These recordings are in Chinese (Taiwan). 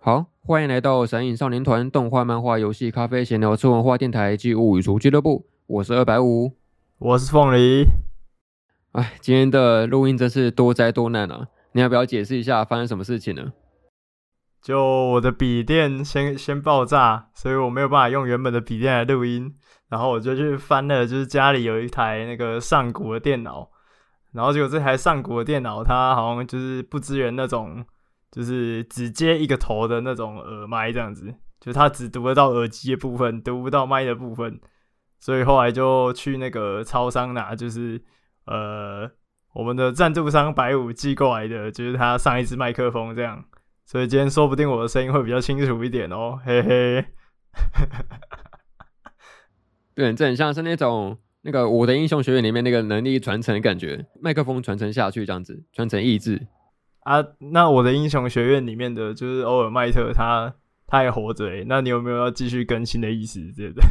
好，歡迎來到《神隱少年團》動畫、漫畫、遊戲、咖啡、閒聊之文化電臺暨物語組俱樂部。我是二百五，我是鳳梨。哎，今天的錄音真是多災多難啊！你要不要解釋一下發生什麼事情呢？就我的筆電先先爆炸，所以我沒有辦法用原本的筆電來錄音，然後我就去翻了，就是家裡有一台那個上古的電腦，然後結果這台上古的電腦它好像就是不支援那種。就是只接一個頭的那種耳麥這樣子，就它只讀得到耳機的部分，讀不到麥的部分，所以後來就去那個超商拿，就是呃我們的贊助商百五寄過來的，就是他上一支麥克風這樣，所以今天說不定我的聲音會比較清楚一點哦，嘿嘿， 對，這很像是那種那個《我的英雄學院》裡面那個能力傳承的感覺，麥克風傳承下去這樣子，傳承意志。啊，那我的英雄學院裡面的就是歐爾麥特他，他他還活着、欸、那你有沒有要繼續更新的意思？對不對？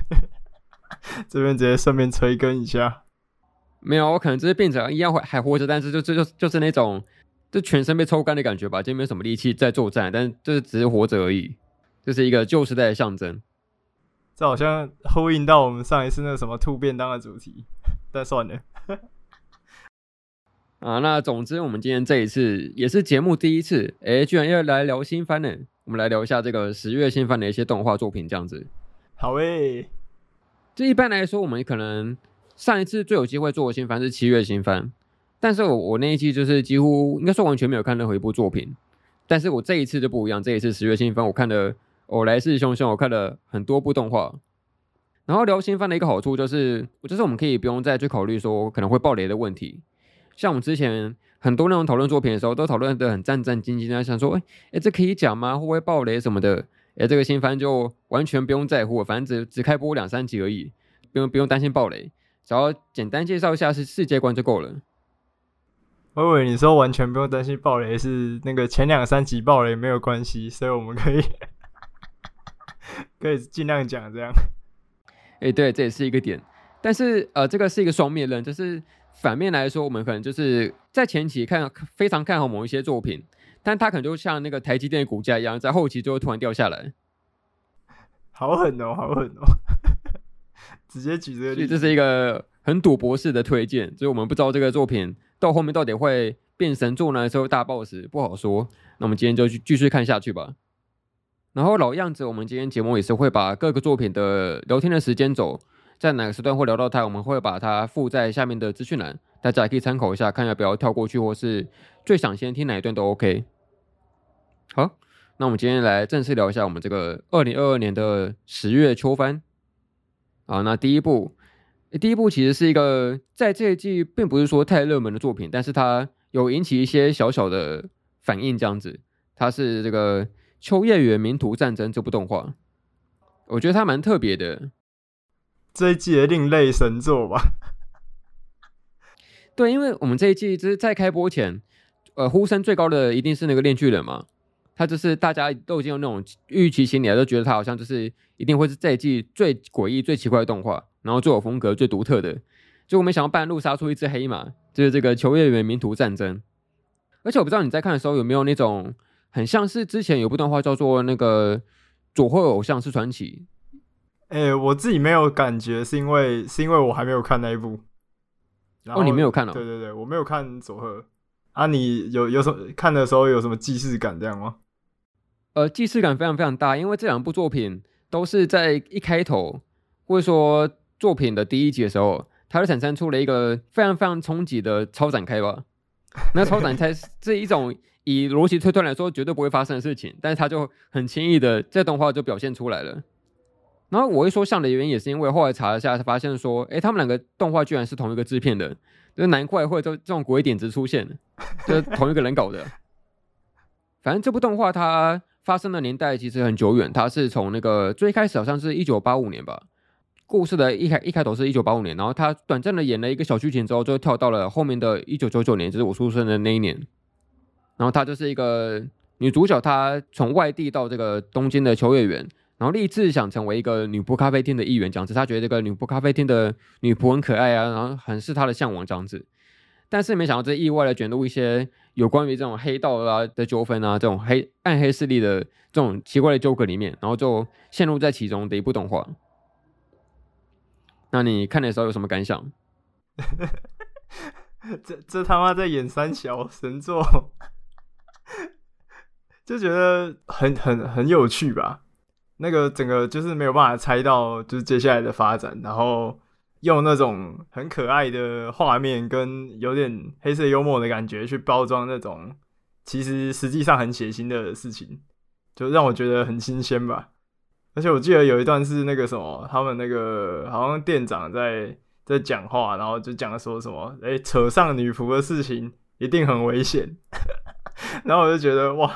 這邊直接順便催更一下。沒有，我可能就是變成一樣，還還活着，但是就就就就是那種就全身被抽乾的感覺吧，就沒有什麼力氣在作戰，但是就是只是活着而已，就是一個舊時代的象徵、嗯。這好像呼應到我們上一次那什麼突變當的主題，但算了。 啊，那總之，我們今天這一次也是節目第一次，誒、欸，居然要來聊新番呢。我們來聊一下這個十月新番的一些動畫作品，這樣子。好誒、欸，這一般來說，我們可能上一次最有機會做的新番是七月新番，但是我我那一季就是幾乎應該說完全沒有看任何一部作品，但是我這一次就不一樣，這一次十月新番、哦，我看了《我來勢洶洶》，我看了很多部動畫。然後聊新番的一個好處就是，我就是我們可以不用再去考慮說可能會爆雷的問題。像我們之前很多那種討論作品的時候，都討論得很戰戰兢兢的，想說，哎哎，這可以講嗎？會不會爆雷什麼的？哎，這個新番就完全不用在乎，反正只只開播兩三集而已，不用不用擔心爆雷，只要簡單介紹一下是世界觀就夠了。我以為你說完全不用擔心爆雷，是那個前兩三集爆雷沒有關係，所以我們可以 可以盡量講這樣。哎，對，這也是一個點，但是呃，這個是一個雙面刃，就是。反面來說，我們可能就是在前期看非常看好某一些作品，但他可能就像那個台積電的股價一樣，在後期就會突然掉下來，好狠哦，好狠哦！ 直接舉這個例子，這是一個很賭博式的推薦，所以我們不知道這個作品到後面到底會變神作呢，還是會大 BOSS，不好說。那我們今天就繼續看下去吧。然後老樣子，我們今天節目也是會把各個作品的聊天的時間軸。在哪個時段會聊到它，我們會把它附在下面的資訊欄，大家也可以參考一下，看要不要跳過去，或是最想先聽哪一段都 OK。好，那我們今天來正式聊一下我們這個二零二二年的十月秋番。啊，那第一部，第一部其實是一個在這一季並不是說太熱門的作品，但是它有引起一些小小的反應，這樣子。它是這個《秋葉原冥途戰爭》這部動畫，我覺得它蠻特別的。這一季也另類神作吧， 對，因為我們這一季就是在開播前，呃，呼聲最高的一定是那個《鏈鋸人》嘛，他就是大家都已經有那種預期心理了，都覺得他好像就是一定會是這一季最詭異、最奇怪的動畫，然後最有風格、最獨特的。結果沒想到半路殺出一隻黑馬，就是這個《秋葉原冥途戰爭》。而且我不知道你在看的時候有沒有那種很像是之前有部動畫叫做那個《佐賀偶像》是傳奇。哎，我自己沒有感覺，是因為是因為我還沒有看那一部然後。哦，你沒有看哦？對對對，我沒有看佐賀。啊，你有有什麼看的時候有什麼既視感這樣嗎？呃，既視感非常非常大，因為這兩部作品都是在一開頭或者說作品的第一集的時候，它就產生出了一個非常非常衝擊的超展開吧。那超展開是這 一種以邏輯推斷來說絕對不會發生的事情，但是它就很輕易的在動畫就表現出來了。然後我一說像的原因也是因為後來查了一下，才發現說，誒，他們兩個動畫居然是同一個製片人，就是、難怪會都這種鬼點子出現了，就是、同一個人搞的。 反正這部動畫它發生的年代其實很久遠，它是從那個最開始好像是一九八五年吧。故事的一開一開頭是一九八五年，然後它短暫的演了一個小劇情之後，就跳到了後面的一九九九年，就是我出生的那一年。然後它就是一個女主角，她從外地到這個東京的秋葉原，然後立志想成為一個女僕咖啡廳的一員，這樣子。他覺得這個女僕咖啡廳的女僕很可愛啊，然後很是他的向往，這樣子。但是沒想到這意外的捲入一些有關於這種黑道啊的糾紛啊，這種黑暗黑勢力的這種奇怪的糾葛裡面，然後就陷入在其中的一部動畫。那你看的時候有什麼感想？ 這這他媽在演三小神作， 就覺得很很很有趣吧。那個整個就是沒有辦法猜到，就是接下來的發展，然後用那種很可愛的畫面跟有點黑色幽默的感覺去包裝那種其實實際上很血腥的事情，就讓我覺得很新鮮吧。而且我記得有一段是那個什麼，他們那個好像店長在在講話，然後就講說什麼，哎、欸，扯上女僕的事情一定很危險， 然後我就覺得哇。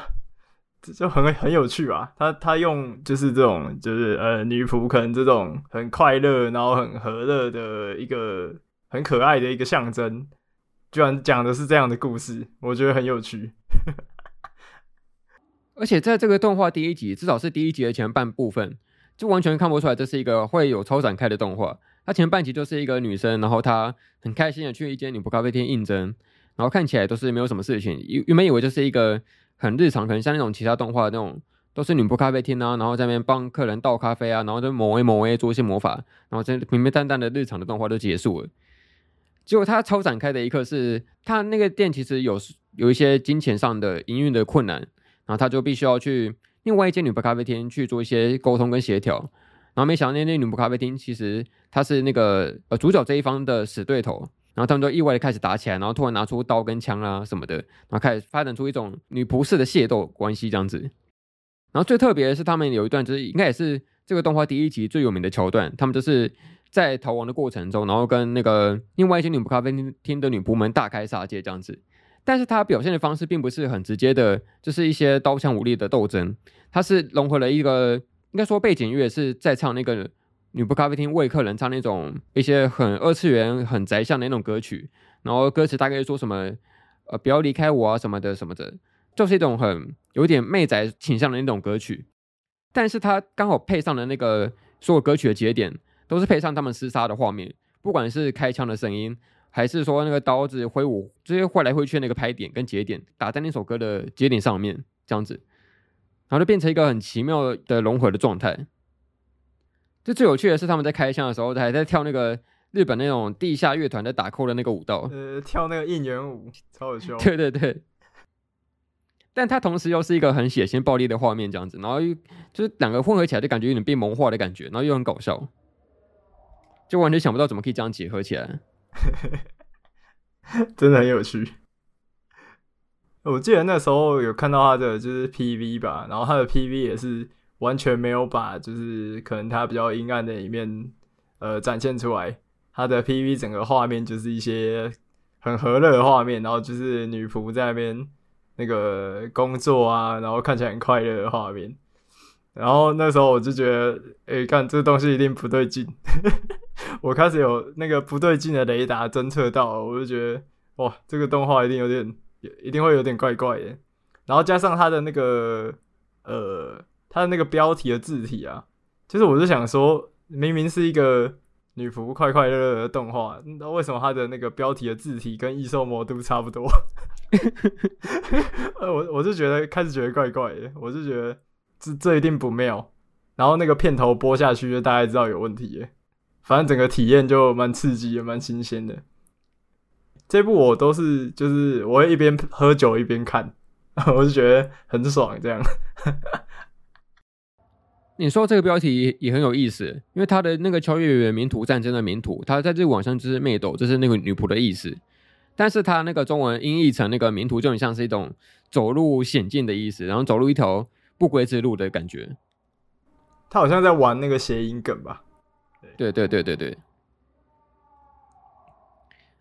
就很很有趣吧，他他用就是這種就是呃女僕可能這種很快樂，然後很和樂的一個很可愛的一個象徵，居然講的是這樣的故事，我覺得很有趣。 而且在這個動畫第一集，至少是第一集的前半部分，就完全看不出來這是一個會有超展開的動畫。他前半集就是一個女生，然後她很開心的去一間女僕咖啡廳應徵，然後看起來都是沒有什麼事情，原原本以為就是一個。很日常，可能像那種其他動畫那種，都是女僕咖啡廳啊，然後在那邊幫客人倒咖啡啊，然後就某威某威做一些魔法，然後就平平淡淡的日常的動畫就結束了。結果他超展開的一刻是，他那個店其實有有一些金錢上的營運的困難，然後他就必須要去另外一間女僕咖啡廳去做一些溝通跟協調，然後沒想到那那女僕咖啡廳其實他是那個呃主角這一方的死對頭。然後他們就意外的開始打起來，然後突然拿出刀跟槍啊什麼的，然後開始發展出一種女僕式的械鬥關係這樣子。然後最特別是，他們有一段就是應該也是這個動畫第一集最有名的橋段，他們就是在逃亡的過程中，然後跟那個另外一些女僕咖啡廳的女僕們大開殺戒這樣子。但是他表現的方式並不是很直接的，就是一些刀槍武力的鬥爭，他是融合了一個應該說背景音樂是在唱那個。女僕咖啡廳為客人唱那種一些很二次元、很宅向的那種歌曲，然後歌詞大概說什麼“呃，不要離開我啊”什麼的什麼的，就是一種很有點媚宅傾向的那種歌曲。但是它剛好配上的那個所有歌曲的節點，都是配上他們廝殺的畫面，不管是開槍的聲音，還是說那個刀子揮舞，這些揮來揮去的那個拍點跟節點，打在那首歌的節點上面，這樣子，然後就變成一個很奇妙的融合的狀態。就最有趣的是，他們在開槍的時候，他還在跳那個日本那種地下樂團在打 call 的那個舞蹈，呃，跳那個應援舞，超有趣。 對對對，但他同時又是一個很血腥暴力的畫面，這樣子，然後又就是兩個混合起來，就感覺有點被萌化的感覺，然後又很搞笑，就完全想不到怎麼可以這樣結合起來， 真的很有趣。我記得那時候有看到他的就是 PV 吧，然後他的 PV 也是。完全沒有把就是可能它比較陰暗的一面呃展現出來，它的 PV 整個畫面就是一些很和樂的畫面，然後就是女僕在那邊那個工作啊，然後看起來很快樂的畫面。然後那時候我就覺得，哎，看這東西一定不對勁， 我開始有那個不對勁的雷達偵測到，我就覺得哇，這個動畫一定有點，一定會有點怪怪的。然後加上它的那個呃。他的那個標題的字體啊，其、就是我是想說，明明是一個女僕快快樂樂的動畫，那為什麼他的那個標題的字體跟異獸魔都差不多？ 我我就覺得開始覺得怪怪的，我就覺得這這一定不妙。然後那個片頭播下去，就大概知道有問題耶。反正整個體驗就蠻刺激也蠻新鮮的。這部我都是就是我會一邊喝酒一邊看，我就覺得很爽這樣。 你說這個標題也很有意思，因為他的那個秋葉原冥途戰爭的冥途，他在這網上就是“媚斗”，就是那個女僕的意思。但是他那個中文音譯成那個“冥途”，就很像是一種走入險境的意思，然後走入一條不歸之路的感覺。他好像在玩那個諧音梗吧？對對對對對。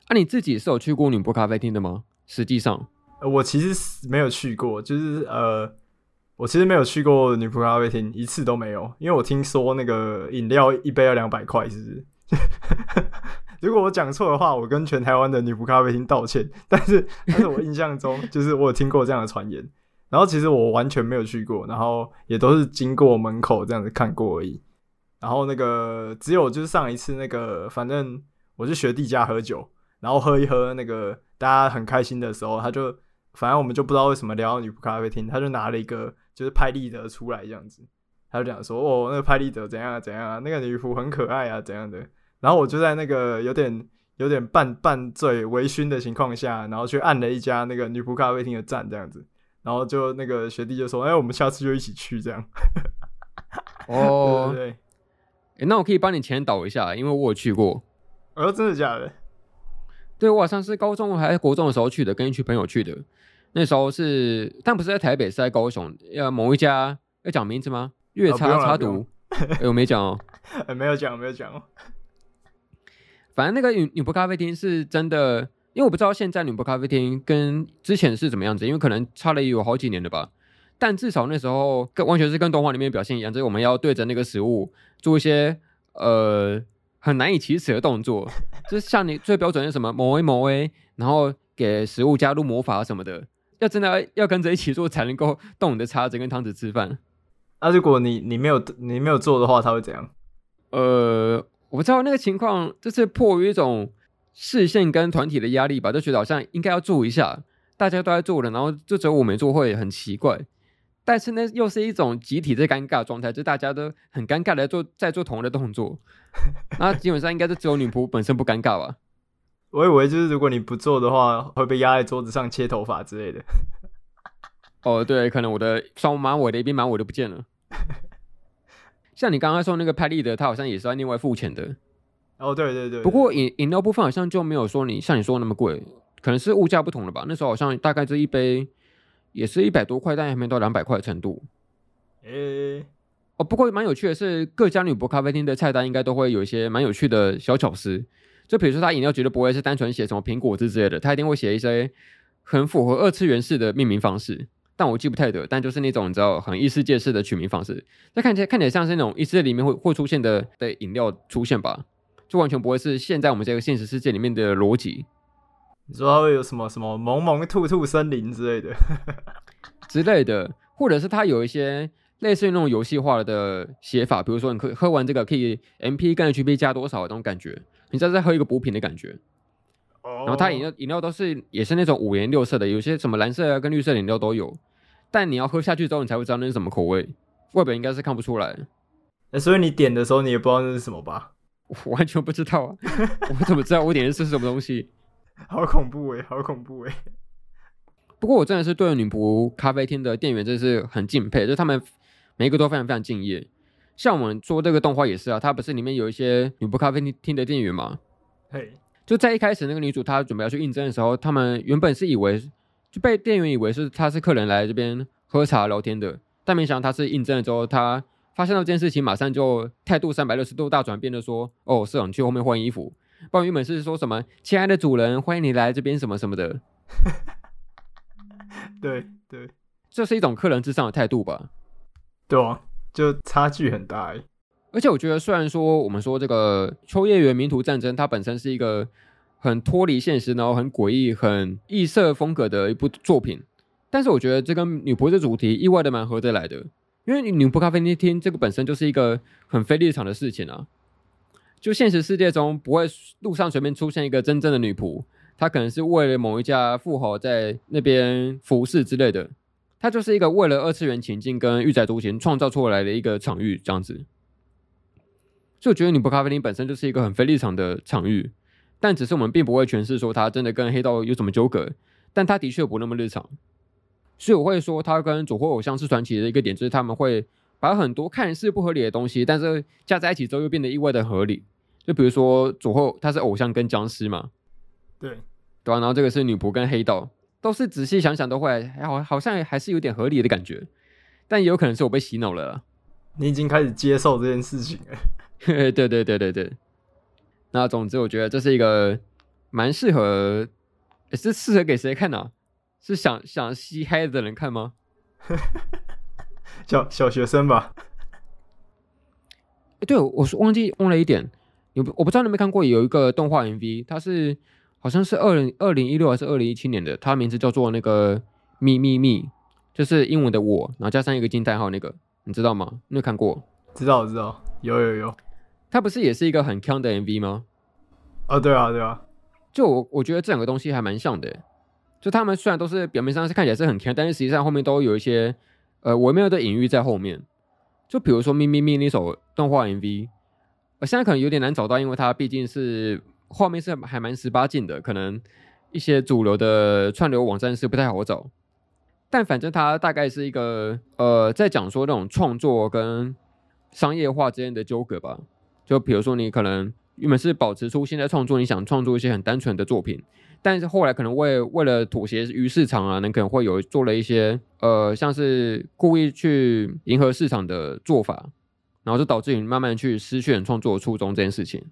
啊，你自己是有去過女僕咖啡廳的嗎？實際上，呃，我其實是沒有去過，就是呃。我其實沒有去過女僕咖啡廳，一次都沒有，因為我聽說那個飲料一杯要兩百塊，是不是？ 如果我講錯的話，我跟全台灣的女僕咖啡廳道歉。但是，但是我印象中，就是我有聽過這樣的傳言。 然後，其實我完全沒有去過，然後也都是經過門口這樣子看過而已。然後，那個只有就是上一次那個，反正我是學弟家喝酒，然後喝一喝那個大家很開心的時候，他就反正我們就不知道為什麼聊到女僕咖啡廳，他就拿了一個。就是拍立得出來這樣子，他就這樣說：“哦，那個、拍立得怎樣怎樣啊，那個女僕很可愛啊，怎樣的。”然後我就在那個有點有點半半醉微醺的情況下，然後去按了一家那個女僕咖啡廳的讚這樣子，然後就那個學弟就說：“哎、欸，我們下次就一起去這樣。”哦，對對，哎、欸，那我可以幫你前導一下，因為我有去過。呃、哦，真的假的？對，我好像是高中還是國中的時候去的，跟一群朋友去的。那時候是，但不是在台北，是在高雄。要某一家要講名字嗎？月叉叉讀，我、哦 哎、沒講哦，沒有講，沒有講哦。反正那個女女僕咖啡廳是真的，因為我不知道現在女僕咖啡廳跟之前是怎麼樣子，因為可能差了有好幾年了吧。但至少那時候跟完全是跟動畫裡面表現一樣，就是我們要對着那個食物做一些呃很難以啟齒的動作， 就是像你最標準的是什麼，某威某威，然後給食物加入魔法什麼的。要真的要，要跟着一起做才能夠動你的叉子跟湯匙吃飯。那、啊、如果你你沒有你沒有做的話，他會怎樣？呃，我不知道那個情況，就是迫於一種視線跟團體的壓力吧，就覺得好像應該要做一下，大家都在做了，然後就只有我沒做，會很奇怪。但是呢，又是一種集體的尷尬狀態，就大家都很尷尬的在做在做同樣的動作。那 基本上應該是只有女僕本身不尷尬吧。我以為就是如果你不做的話，會被壓在桌子上切頭髮之類的。哦，對，可能我的雙馬尾的一邊馬尾都不見了。 像你剛剛說的那個拍立得，它好像也是要另外付錢的。哦，對對對，對，對。不過飲飲料部分好像就沒有說你像你說那麼貴，可能是物價不同了吧？那時候好像大概這一杯也是一百多塊，但還沒到兩百塊的程度。誒、欸，哦，不過蠻有趣的是，各家女僕咖啡廳的菜單應該都會有一些蠻有趣的小巧思。就比如說，他飲料絕對不會是單純寫什麼蘋果汁之類的，他一定會寫一些很符合二次元式的命名方式。但我記不太得，但就是那種你知道，很異世界式的取名方式。那看起來看起來像是那種異世界裡面會會出現的的飲料出現吧？就完全不會是現在我們這個現實世界裡面的邏輯。你說它會有什麼什麼萌萌兔兔森林之類的 之類的，或者是它有一些類似於那種遊戲化的寫法，比如說你可以喝完這個可以 MP 跟 HP 加多少那種感覺。你就是在喝一個補品的感覺，oh. 然後它飲料飲料都是也是那種五顏六色的，有些什麼藍色、啊、跟綠色飲料都有，但你要喝下去之後，你才會知道那是什麼口味，外表應該是看不出來，所以你點的時候你也不知道那是什麼吧？我完全不知道啊！我怎麼知道我點的是什麼東西？ 好恐怖誒、欸，好恐怖誒、欸。不過我真的是對女僕咖啡廳的店員真是很敬佩，就是他們每一個都非常非常敬業。像我們做這個動畫也是啊，它不是裡面有一些女僕咖啡廳廳的店員嘛？嘿、hey.，就在一開始那個女主她準備要去應徵的時候，他們原本是以為，就被店員以為是她是客人來這邊喝茶聊天的，但沒想到她是應徵了之後，她發現到這件事情，馬上就態度三百六十度大轉變的說：“哦，是哦，你去後面換衣服。”，不然原本是說什麼“親愛的主人，歡迎你來這邊什麼什麼的”， 對對，這是一種客人至上的態度吧？對啊。就差距很大，欸，而且我覺得，雖然說我們說這個《秋葉原冥途戰爭》，它本身是一個很脫離現實，然後很詭異、很異色風格的一部作品，但是我覺得這跟女僕的主題意外的蠻合得來的，因為女僕咖啡廳這個本身就是一個很非日常的事情啊，就現實世界中不會路上隨便出現一個真正的女僕，她可能是為了某一家富豪在那邊服侍之類的。它就是一個為了二次元情境跟御宅族群創造出來的一個場域，這樣子。所以我覺得女僕咖啡廳本身就是一個很非日常的場域，但只是我們並不會詮釋說它真的跟黑道有什麼糾葛，但它的確不那麼日常。所以我會說，它跟佐賀偶像是傳奇的一個點，就是他們會把很多看似不合理的東西，但是加在一起之後又變得意外的合理。就比如說佐賀，他是偶像跟殭屍嘛，對對啊，然後這個是女僕跟黑道。都是仔細想想都會，哎、好好像還是有點合理的感覺，但也有可能是我被洗腦了。你已經開始接受這件事情、 哎，對對對對對。那總之，我覺得這是一個蠻適合，哎、是適合給誰看呢、啊？是想想吸嗨的人看嗎？ 小小學生吧。哎，對，我是忘記忘了一點，有，我我不知道你沒看過，有一個動畫 MV，它是。好像是二零二零一六還是二零一七年的，他名字叫做那個“咪咪咪”，就是英文的“我”，然後加上一個驚嘆號，那個你知道嗎？你有看過？知道，知道，有，有，有。他不是也是一個很鏘的 MV 嗎？啊、哦，對啊，對啊。就我我覺得這兩個東西還蠻像的。就他們雖然都是表面上是看起來是很鏘，但是實際上後面都有一些呃微妙的隱喻在後面。就比如說“咪咪咪”那首動畫 MV，我、呃、現在可能有點難找到，因為它畢竟是。畫面是還蠻十八禁的，可能一些主流的串流網站是不太好找，但反正它大概是一個呃，在講說那種創作跟商業化之間的糾葛吧。就比如說你可能原本是保持初心在創作，你想創作一些很單純的作品，但是後來可能為為了妥協於市場啊，你可能會有做了一些呃，像是故意去迎合市場的做法，然後就導致你慢慢去失去創作初衷這件事情。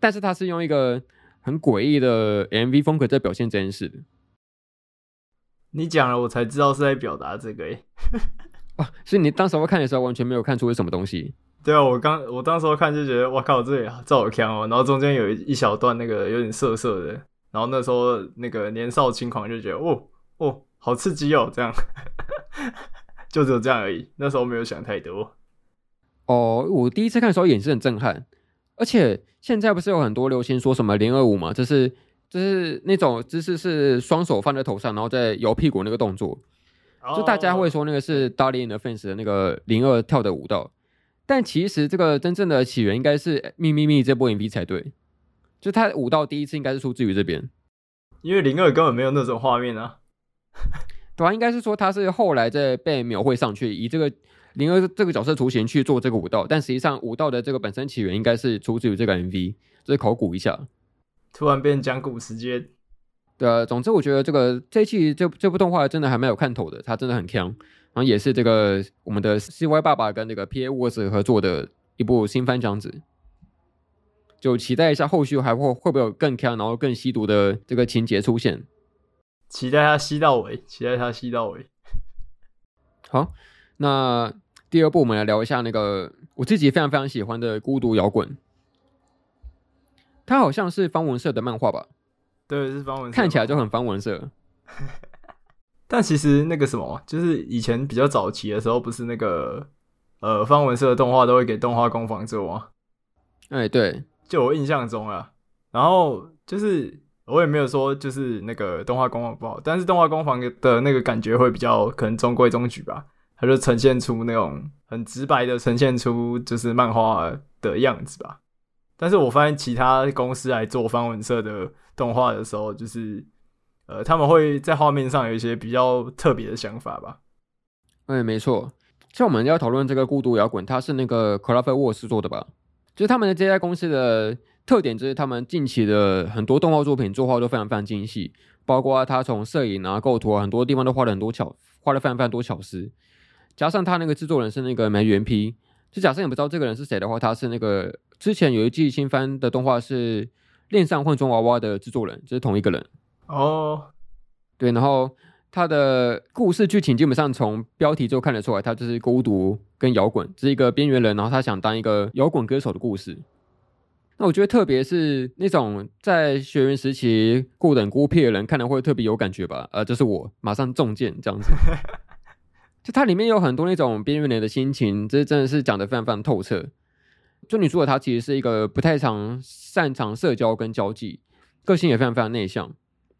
但是他是用一個很詭異的 MV 風格在表現這件事。你講了我才知道是在表達這個耶、欸。哇、 哦！所以你當時候看的時候完全沒有看出是什麼東西？對啊，我剛我當時候看就覺得，哇，靠，這裡好好看哦。然後中間有一,一小段那個有點澀澀的，然後那時候那個年少輕狂就覺得，哦哦，好刺激哦，這樣， 就只有這樣而已。那時候沒有想太多。哦，我第一次看的時候也是很震撼。而且現在不是有很多流行說什麼零二五嗎？就是就是那種姿勢是雙手放在頭上，然後再搖屁股那個動作，oh, 就大家會說那個是 Darling in the Franxx 那個零二跳的舞蹈，但其實這個真正的起源應該是咪咪咪這波 MV 才對，就他舞蹈第一次應該是出自於這邊，因為零二根本沒有那種畫面啊。對啊，應該是說他是後來在被描繪上去，以這個。零二這個角色雛形去做這個舞蹈，但實際上舞蹈的這個本身起源應該是出自於這個 MV，就是考古一下。突然變講古時間。對啊，總之我覺得這個這一期這這部動畫真的還蠻有看頭的，它真的很鏘，然後也是這個我們的 CY 爸爸跟這個 PA Works 合作的一部新番這樣子，就期待一下後續還會會不會有更鏘，然後更吸毒的這個情節出現。期待它吸到尾，期待它吸到尾。好。那第二部我們，來聊一下那個我自己非常非常喜歡的孤獨搖滾。它好像是方文社的漫畫吧？對，是方文社。看起來就很方文社 但其實那個什麼，就是以前比較早期的時候，不是那個呃方文社的動畫都會給動畫工房做嗎？哎、欸，對，就我印象中啊。然後就是我也沒有說就是那個動畫工房不好，但是動畫工房的那個感覺會比較可能中規中矩吧。他就呈現出那種很直白的，呈現出就是漫畫的樣子吧。但是我發現其他公司來做方文社的動畫的時候，就是呃，他們會在畫面上有一些比較特別的想法吧，嗯。嗯，沒錯。像我們要討論這個《孤獨搖滾》，它是那個 Clifford 沃斯做的吧？就是他們的這家公司的特點就是，他們近期的很多動畫作品，作畫都非常非常精細，包括他從攝影啊、構圖啊，很多地方都畫了很多巧，畫的非常非常多巧思。加上他那個製作人是那個梅原 P，就假設也不知道這個人是誰的話，他是那個之前有一季新番的動畫是《戀上換裝娃娃》的製作人，就是同一個人。哦、oh.，對，然後他的故事劇情基本上從標題就看得出來，他就是孤獨跟搖滾，是一個邊緣人，然後他想當一個搖滾歌手的故事。那我覺得特別是那種在學園時期孤冷孤僻的人，看了會特別有感覺吧？呃，就是我馬上中箭這樣子。 就它裡面有很多那種邊緣人的心情，這真的是講的非常非常透徹。就你說的，他其實是一個不太常擅長社交跟交際，個性也非常非常內向。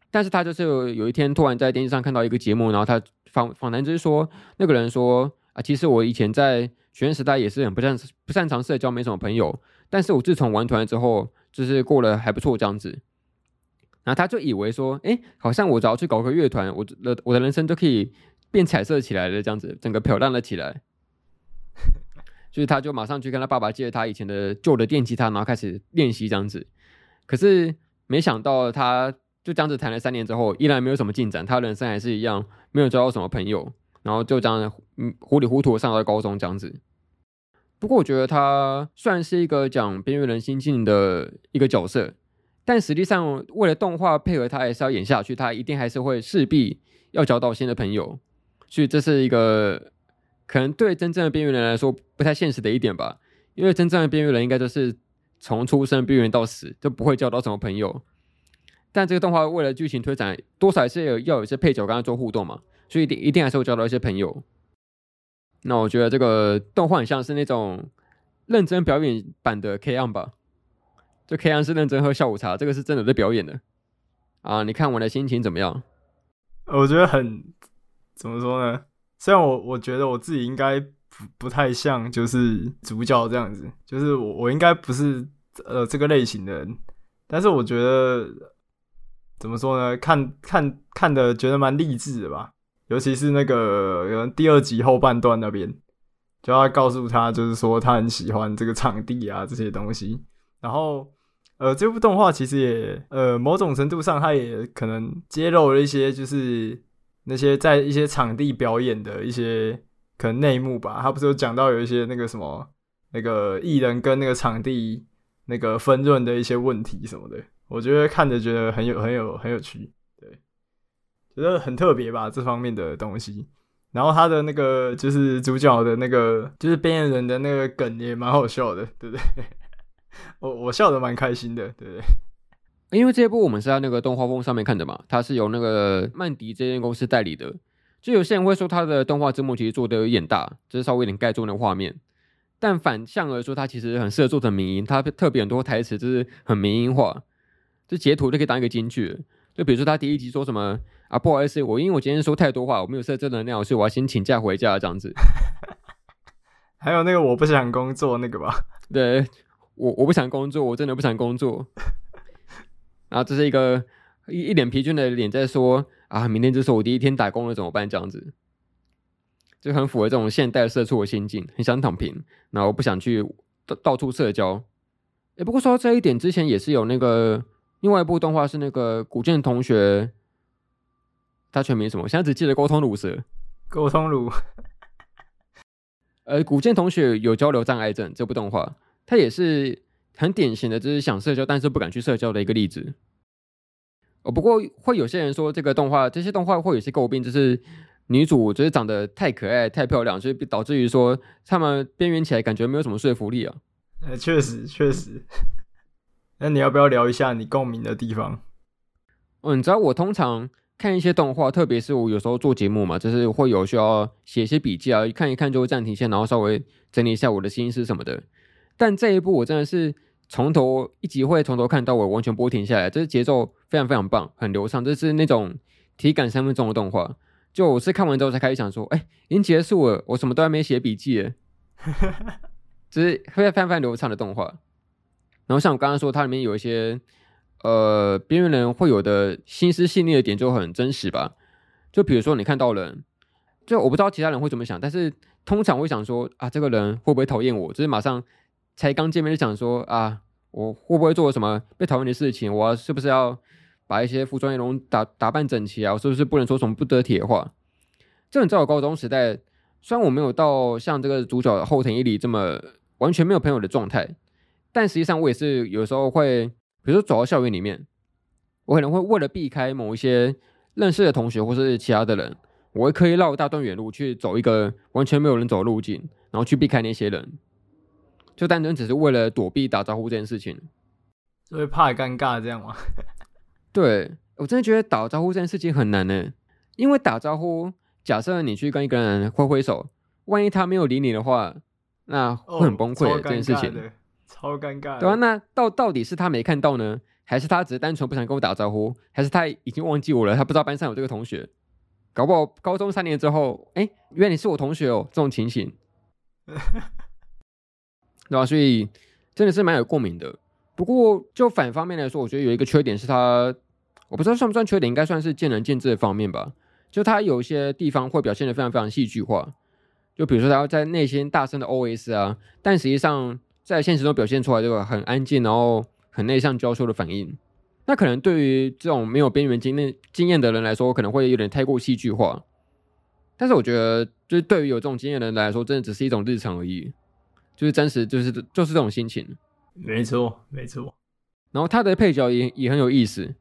但是他就是有一天突然在電視上看到一個節目，然後他訪訪談就是說，那個人說啊，其實我以前在學生時代也是很不擅不擅長社交，沒什麼朋友。但是我自從玩團之後，就是過得還不錯這樣子。然後他就以為說，哎、欸，好像我只要去搞個樂團，我的我的人生就可以，變彩色起來的這樣子，整個漂亮了起來。 就是他，就馬上去跟他爸爸借他以前的舊的電吉他，然後開始練習這樣子。可是沒想到，他就這樣子彈了三年之後，依然沒有什麼進展。他人生還是一樣，沒有交到什麼朋友，然後就這樣嗯糊裡糊塗上到高中這樣子。不過我覺得他雖然是一個講邊緣人心境的一個角色，但實際上為了動畫配合，他還是要演下去。他一定還是會勢必要交到新的朋友。所以這是一個可能對真正的邊緣人來說不太現實的一點吧，因為真正的邊緣人應該都是從出生邊緣到死都不會交到什麼朋友。但這個動畫為了劇情推展，多少還是要有一些配角跟他做互動嘛，所以一定一定還是會交到一些朋友。那我覺得這個動畫很像是那種認真表演版的 K 暗吧，就 K 暗是認真喝下午茶，這個是真的在表演的啊。你看我的心情怎麼樣？我覺得很。怎麼說呢？雖然我我覺得我自己應該不不太像就是主角這樣子，就是我我應該不是呃這個類型的人，但是我覺得怎麼說呢？看看看得覺得蠻勵志的吧，尤其是那個有人、呃、第二集後半段那邊，就要告訴他就是說他很喜歡這個場地啊這些東西，然後呃這部動畫其實也呃某種程度上它也可能揭露了一些就是。那些在一些場地表演的一些可能內幕吧，他不是有講到有一些那個什麼那個藝人跟那個場地那個分潤的一些問題什麼的，我覺得看着覺得很有很有很有趣，對，覺得很特別吧這方面的東西。然後他的那個就是主角的那個就是邊緣人的那個梗也蠻好笑的，對不對？我我笑的蠻開心的，對不對？因為這一部我們是在那個動畫瘋上面看的嘛，它是由那個曼迪這間公司代理的，就有些人會說他的動畫字幕其實做的有點大，就是稍微有點蓋住那畫面。但反向而說，它其實很適合做成迷因，它特別很多台詞就是很迷因化。這截圖就可以當一個金句，就比如說他第一集說什麼啊，不好意思，我因為我今天說太多話，我沒有設正能量，所以我要先請假回家這樣子。 還有那個我不想工作那個吧？對，我我不想工作，我真的不想工作。然後這是一個一一臉疲倦的臉，在說：“啊，明天就是我第一天打工了，怎麼辦？”這樣子，就很符合這種現代社畜的心境，很想躺平，然後不想去到到處社交。哎，不過說到這一點，之前也是有那個另外一部動畫，是那個古劍同學，他全名什麼？現在只記得溝通魯蛇，溝通魯。呃，而古劍同學有交流障礙症，這部動畫他也是。很典型的，就是想社交，但是不敢去社交的一個例子。哦，不過會有些人說這個動畫，這些動畫會有些詬病，就是女主就是長得太可愛、太漂亮，所以導致於說他們邊緣起來感覺沒有什麼說服力啊。呃，確實，確實。那你要不要聊一下你共鳴的地方？嗯、哦，你知道我通常看一些動畫，特別是我有時候做節目嘛，就是會有需要寫一些筆記啊，看一看就會暫停一下，然後稍微整理一下我的心思什麼的。但這一部我真的是從頭一集會從頭看到尾，完全不停下來，就是節奏非常非常棒，很流暢，就是那種體感三分鐘的動畫。就我是看完之後才開始想說，哎、欸，已經結束了，我什麼都還沒寫筆記。只 這是非常非常流暢的動畫。然後像我剛剛說，它裡面有一些呃邊緣人會有的心思細膩的點就很真實吧？就比如說你看到人，就我不知道其他人會怎麼想，但是通常會想說啊，這個人會不會討厭我？就是馬上。才剛見面就想說啊，我會不會做什麼被討厭的事情？我是不是要把一些服裝內容打打扮整齊啊？我是不是不能說什麼不得體的話？這種在我高中時代，雖然我沒有到像這個主角後藤一里這麼完全沒有朋友的狀態，但實際上我也是有時候會，比如說走到校園裡面，我可能會為了避開某一些認識的同學或是其他的人，我會刻意繞一大段遠路去走一個完全沒有人走的路徑，然後去避開那些人。就單純只是為了躲避打招呼這件事情，所以怕尷尬這樣嗎？ 對，我真的覺得打招呼這件事情很難呢，因為打招呼，假設你去跟一個人揮揮手，萬一他沒有理你的話，那會很崩潰、哦、這件事情，超尷尬，對啊，那到到底是他沒看到呢，還是他只是單純不想跟我打招呼，還是他已經忘記我了？他不知道班上有這個同學，搞不好高中三年之後，哎，原來你是我同學哦，這種情形。 對吧？所以真的是蠻有共鳴的。不過就反方面來說，我覺得有一個缺點是他，我不知道算不算缺點，應該算是見仁見智的方面吧。就他有一些地方會表現的非常非常戲劇化，就比如說他要在內心大聲的 OS 啊，但實際上在現實中表現出來就很安靜，然後很內向、嬌羞的反應。那可能對於這種沒有邊緣經驗經驗的人來說，可能會有點太過戲劇化。但是我覺得，就是對於有這種經驗的人來說，真的只是一種日常而已。就是真實，就是就是這種心情，沒錯沒錯。然後他的配角也也很有意思。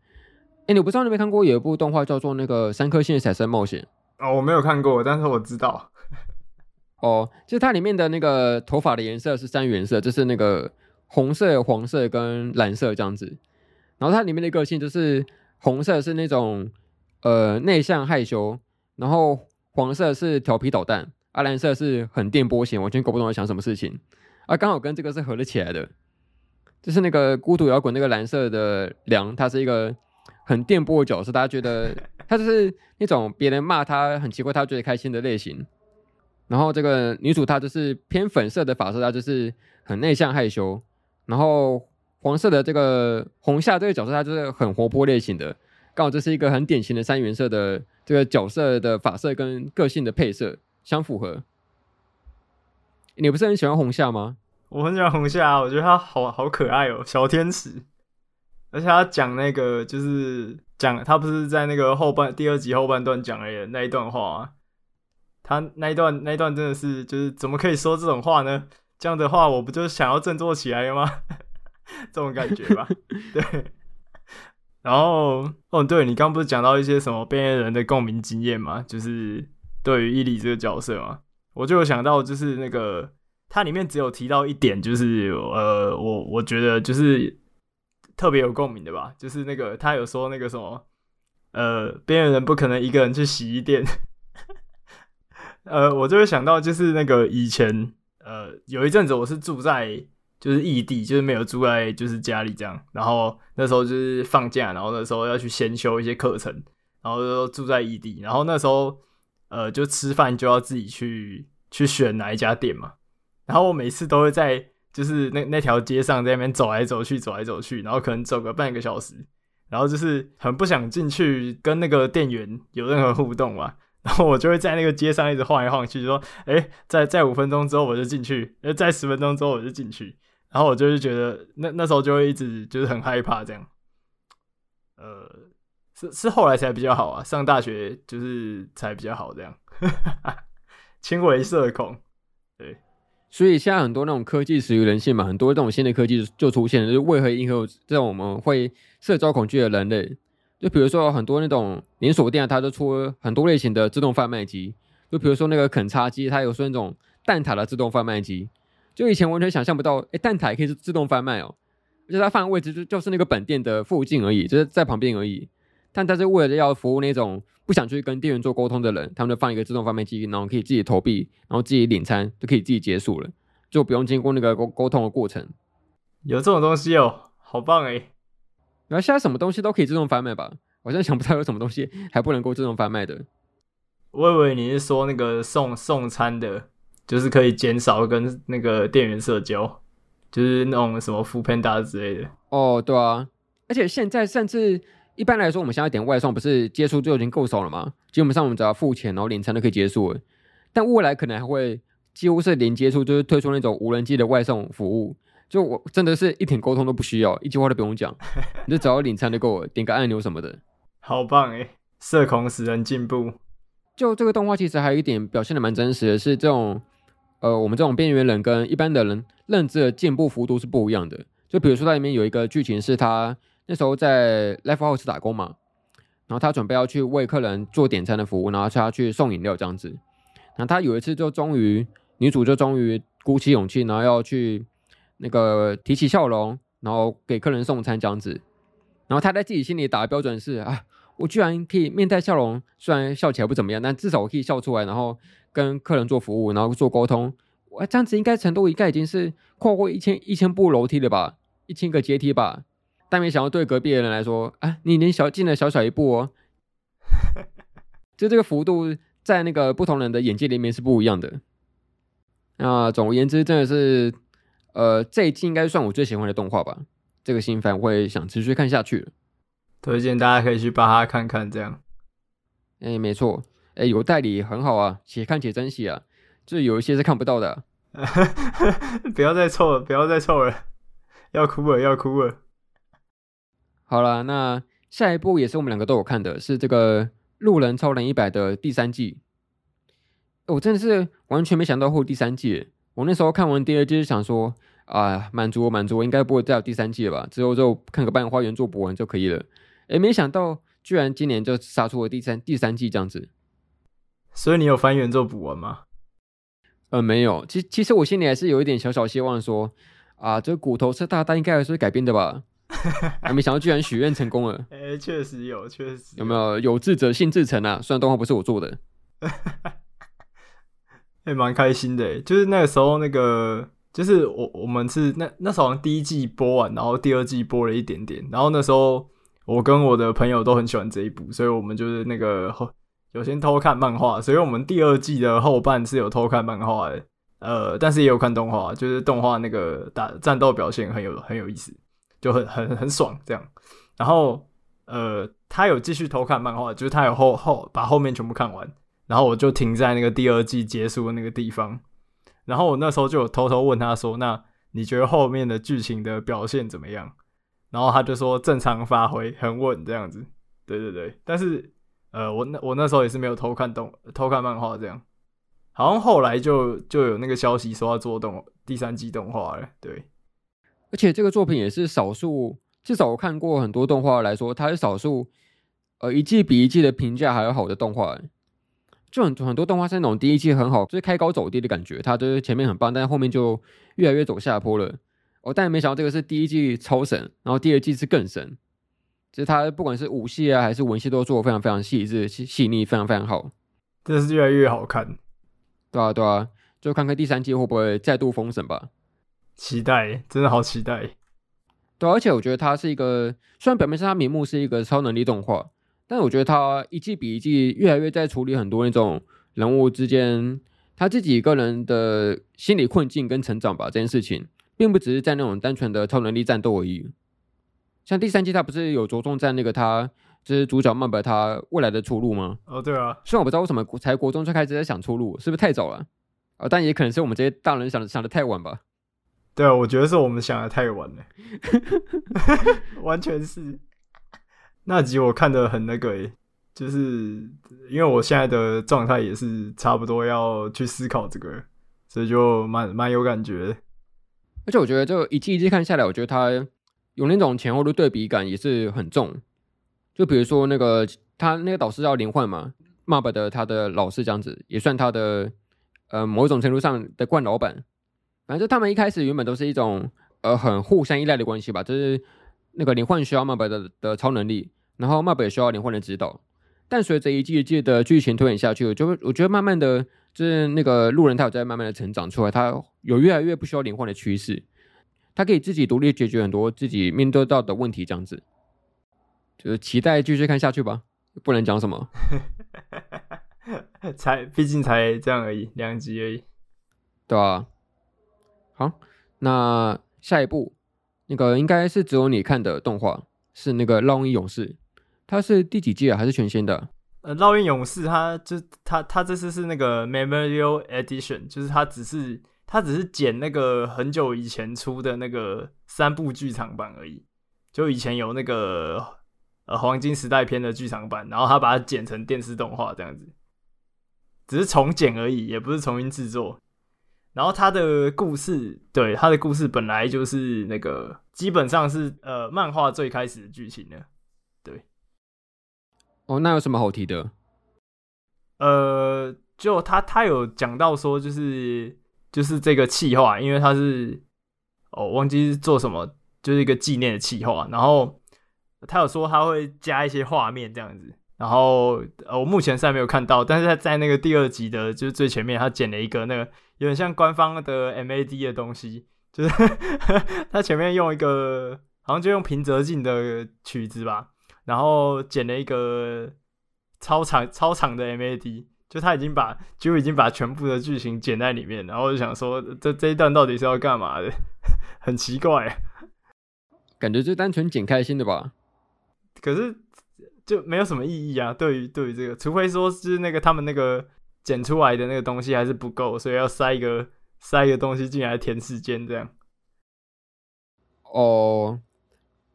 哎，你不知道，你沒看過有一部動畫叫做那個《三顆星的彩色冒險》哦？我沒有看過，但是我知道。 哦，就是它裡面的那個頭髮的顏色是三原色，就是那個紅色、黃色跟藍色這樣子。然後它裡面的個性就是紅色是那種呃內向害羞，然後黃色是調皮搗蛋。阿、啊、藍色是很電波型，完全搞不懂他想什麼事情。啊，剛好跟這個是合了起來的，就是那個孤獨搖滾那個藍色的涼，他是一個很電波的角色，大家覺得他就是那種別人罵他很奇怪，他覺得開心的類型。然後這個女主她就是偏粉色的髮色，她就是很內向害羞。然後黃色的這個虹夏這個角色，她就是很活潑類型的。剛好這是一個很典型的三原色的這個角色的髮色跟個性的配色。相符合。你不是很喜歡虹夏嗎？我很喜歡虹夏、啊，我覺得他好好可愛哦、喔，小天使。而且他講那個就是講他不是在那個後半第二集後半段講的那一段話嗎？他那一段那一段真的是就是怎麼可以說這種話呢？這樣的話我不就想要振作起來了嗎？ 這種感覺吧。 對。然後哦，對，你剛不是講到一些什麼邊緣人的共鳴經驗嗎？就是。對於一里這個角色嘛，我就有想到就是那個，它裡面只有提到一點，就是呃，我我覺得就是特別有共鳴的吧，就是那個他有說那個什麼，呃，邊緣人不可能一個人去洗衣店。 呃，我就會想到就是那個以前，呃，有一陣子我是住在就是異地，就是沒有住在就是家裡這樣，然後那時候就是放假，然後那時候要去先修一些課程，然後就住在異地，然後那時候。呃，就吃飯就要自己去去選哪一家店嘛，然後我每次都會在就是那那條街上在那邊走來走去，走來走去，然後可能走個半個小時，然後就是很不想進去跟那個店員有任何互動嘛，然後我就會在那個街上一直晃來晃去，就說，哎、欸，在在五分鐘之後我就進去，呃，在十分鐘之後我就進去，然後我就是覺得那那時候就會一直就是很害怕這樣，呃。是是後來才比較好啊，上大學就是才比較好這樣，哈哈哈，輕微社恐，對。所以現在很多那種科技始於人性嘛，很多這種新的科技就出現了，就是為何迎合這種我們會社交恐懼的人類？就比如說有很多那種連鎖店它，都出很多類型的自動販賣機，就比如說那個肯差機，它有說那種蛋撻的自動販賣機，就以前完全想象不到，哎、欸，蛋撻也可以是自動販賣哦、喔，而且它放的位置就就是那個本店的附近而已，就是在旁邊而已。但但是為了要服務那種不想去跟店員做溝通的人，他們就放一個自動販賣機，然後可以自己投幣，然後自己領餐，就可以自己結束了，就不用經過那個溝溝通的過程。有這種東西哦，好棒哎！然後現在什麼東西都可以自動販賣吧？我現在想不起有什麼東西還不能夠自動販賣的。我以為你是說那個送送餐的，就是可以減少跟那個店員社交，就是那種什麼副 o o 之類的。哦、oh，對啊，而且現在甚至。一般來說，我們現在點外送不是接觸就已經夠少了嗎？基本上我們只要付錢，然後領餐就可以結束了。但未來可能還會幾乎是零接觸，就是推出那種無人機的外送服務。就我真的是一點溝通都不需要，一句話都不用講， 你就只要領餐就夠了，點個按鈕什麼的。好棒耶！社恐使人進步。就這個動畫其實還有一點表現得蠻真實的是，這種呃我們這種邊緣人跟一般的人認知的進步幅度是不一樣的。就比如說它裡面有一個劇情是它。那時候在 Live House 打工嘛，然後他準備要去為客人做點餐的服務，然後他去送飲料這樣子。然後他有一次就終於，女主就終於鼓起勇氣，然後要去那個提起笑容，然後給客人送餐這樣子。然後他在自己心裡打的標準是啊，我居然可以面帶笑容，雖然笑起來不怎麼樣，但至少我可以笑出來，然後跟客人做服務，然後做溝通。我這樣子應該程度應該已經是跨過一千一千步樓梯了吧，一千個階梯吧。但沒想到對隔壁的人來說，哎、啊，你連小進了小小一步哦， 就這個幅度，在那個不同人的眼界裡面是不一樣的。那總而言之，真的是，呃，這一季應該算我最喜歡的動畫吧。這個新番我會想持續看下去。推薦大家可以去幫他看看，這樣。哎、欸，沒錯，哎，有代理很好啊，且看且珍惜啊。就有一些是看不到的，啊， 不要再湊了，不要再湊了，要哭了，要哭了。好了，那下一部也是我們兩個都有看的，是這個《路人超能一百》的第三季。我、哦、真的是完全沒想到會有第三季。我那時候看完第二季就想說，啊、呃，滿足我，滿足我，應該不會再有第三季了吧？之後就看個半花原作補完就可以了。哎，沒想到居然今年就殺出了第三第三季這樣子。所以你有翻原作補完嗎？呃，沒有。其實其實我心裡還是有一點小小希望說，說、呃、啊，這骨頭社大大應該還是會改編的吧？ 還沒想到，居然許願成功了！哎、欸，確實有，確實有，有沒有有志者，信志成啊！雖然動畫不是我做的，哎、欸，蠻開心的。就是那個時候，那個就是我我們是那那時候好像第一季播完，然後第二季播了一點點。然後那時候我跟我的朋友都很喜歡這一部，所以我們就是那個有先偷看漫畫，所以我們第二季的後半是有偷看漫畫的。呃，但是也有看動畫，就是動畫那個打戰鬥表現很有很有意思。就很很很爽這樣，然後呃，他有繼續偷看漫畫，就是他有後後把後面全部看完，然後我就停在那個第二季結束的那個地方，然後我那時候就偷偷問他說：“那你覺得後面的劇情的表現怎麼樣？”然後他就說：“正常發揮，很穩這樣子。”對對對，但是呃，我那我那時候也是沒有偷看動偷看漫畫這樣，好像後來就就有那個消息說要做動第三季動畫了，對。而且這個作品也是少數，至少我看過很多動畫來說，它是少數，呃，一季比一季的評價還要好，好的動畫。就很多很多動畫是那種第一季很好，就是開高走低的感覺，它就是前面很棒，但是後面就越來越走下坡了。我、哦、但沒想到這個是第一季超神，然後第二季是更神。就是它不管是武戲啊還是文戲都做的非常非常細緻、細膩，非常非常好。真的是越來越好看。對啊，對啊，就看看第三季會不會再度封神吧。期待，真的好期待。對、啊，而且我覺得他是一個，雖然表面上他名目是一個超能力動畫，但我覺得他一季比一季越來越在處理很多那種人物之間，他自己個人的心理困境跟成長吧。這件事情並不只是在那種單純的超能力戰鬥而已。像第三季，他不是有着重在那個他就是主角 Mob 他未來的出路嗎？哦，對啊。雖然我不知道為什麼才國中就開始在想出路，是不是太早了？啊、哦，但也可能是我們這些大人想想的太晚吧。對啊，我覺得是我們想的太晚了， 完全是。那集我看的很那個，就是因為我現在的狀態也是差不多要去思考這個，所以就蠻蠻有感覺。而且我覺得，就一季一季看下來，我覺得他有那種前後的對比感也是很重。就比如說那個，他那個導師叫林煥嘛，MBA 的他的老師這樣子，也算他的呃，某一種程度上的慣老板。反正他們一開始原本都是一種呃很互相依賴的關係吧，就是那個靈幻需要 Mob 的的超能力，然後 Mob 也需要靈幻的指導。但隨着一季一季的劇情推演下去，我就，我覺得慢慢的，就是那個路人他有在慢慢的成長出來，他有越來越不需要靈幻的趨勢，他可以自己獨立解決很多自己面對到的問題，這樣子。就是期待繼續看下去吧，不能講什麼， 才畢竟才這樣而已，兩集而已，對啊。好，啊，那下一部，那個應該是只有你看的動畫是那個《烙印勇士》，它是第幾季啊？還是全新的？呃，《烙印勇士》他它就它它這次是那個 Memorial Edition，就是它只是它只是剪那個很久以前出的那個三部劇場版而已，就以前有那個呃黃金時代篇的劇場版，然後它把它剪成電視動畫這樣子，只是重剪而已，也不是重新制作。然後他的故事，對，他的故事本來就是那個，基本上是呃漫畫最開始的劇情的，對。哦，那有什麼好提的？呃，就他他有講到說，就是就是這個企劃，因為他是，哦，忘記是做什麼，就是一個紀念的企劃。然後他有說他會加一些畫面這樣子。然後，哦，我目前是還沒有看到，但是他在那個第二集的，就是最前面，他剪了一個那個。有點像官方的 MAD 的東西，就是 他前面用一個好像就用平澤進的曲子吧，然後剪了一個超長超長的 MAD，就他已經把就已經把全部的劇情剪在裡面，然後就想說這這一段到底是要幹嘛的，很奇怪，感覺就單純剪開心的吧，可是就沒有什麼意義啊，對於對於這個，除非說是那個他們那個。剪出來的那個東西還是不夠，所以要塞一個塞一個東西進來填時間這樣。哦、oh，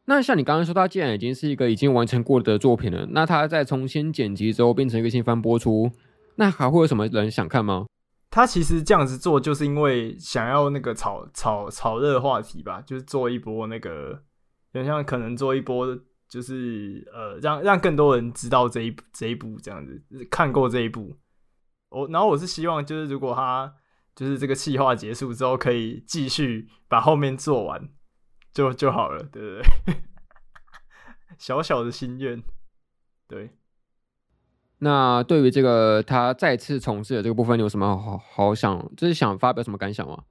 那像你剛剛說，它既然已經是一個已經完成過的作品了，那它再重新剪輯之後變成一個新番播出，那還會有什麼人想看嗎？他其實這樣子做，就是因為想要那個炒炒炒熱話題吧，就是做一波那個，像可能做一波，就是呃，讓讓更多人知道這一這一部這樣子看過這一部。我、oh, 然後我是希望就是如果他就是這個企劃結束之後可以繼續把後面做完就就好了，對不對？ 小小的心願，對。那對於這個他再次重事的這個部分，你有什麼好好想，就是想發表什麼感想嗎？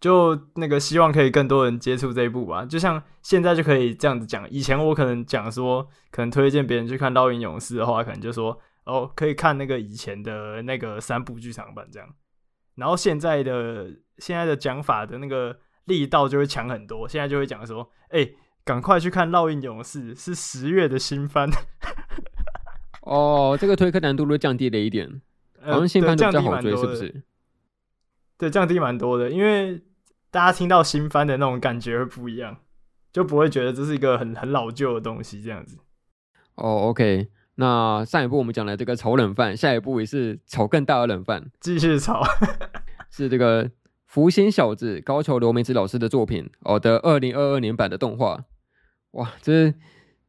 就那個希望可以更多人接觸這一部吧，就像現在就可以這樣子講。以前我可能講說，可能推薦別人去看《烙印勇士》的話，可能就說。哦，可以看那個以前的那個三部劇場版這樣，然後現在的現在的講法的那個力道就會強很多。現在就會講說，哎、欸，趕快去看《烙印勇士》，是十月的新番。 哦，這個推客難度都降低了一點，嗯、好像新番都比較好追，是不是？對，降低蠻多的，因為大家聽到新番的那種感覺會不一樣，就不會覺得這是一個很很老舊的東西這樣子。哦、oh，OK。那上一部我們講了這個炒冷飯，下一部也是炒更大的冷飯，繼續炒， 是這個福星小子高橋留美子老師的作品哦的二零二二年版的動畫，哇，這是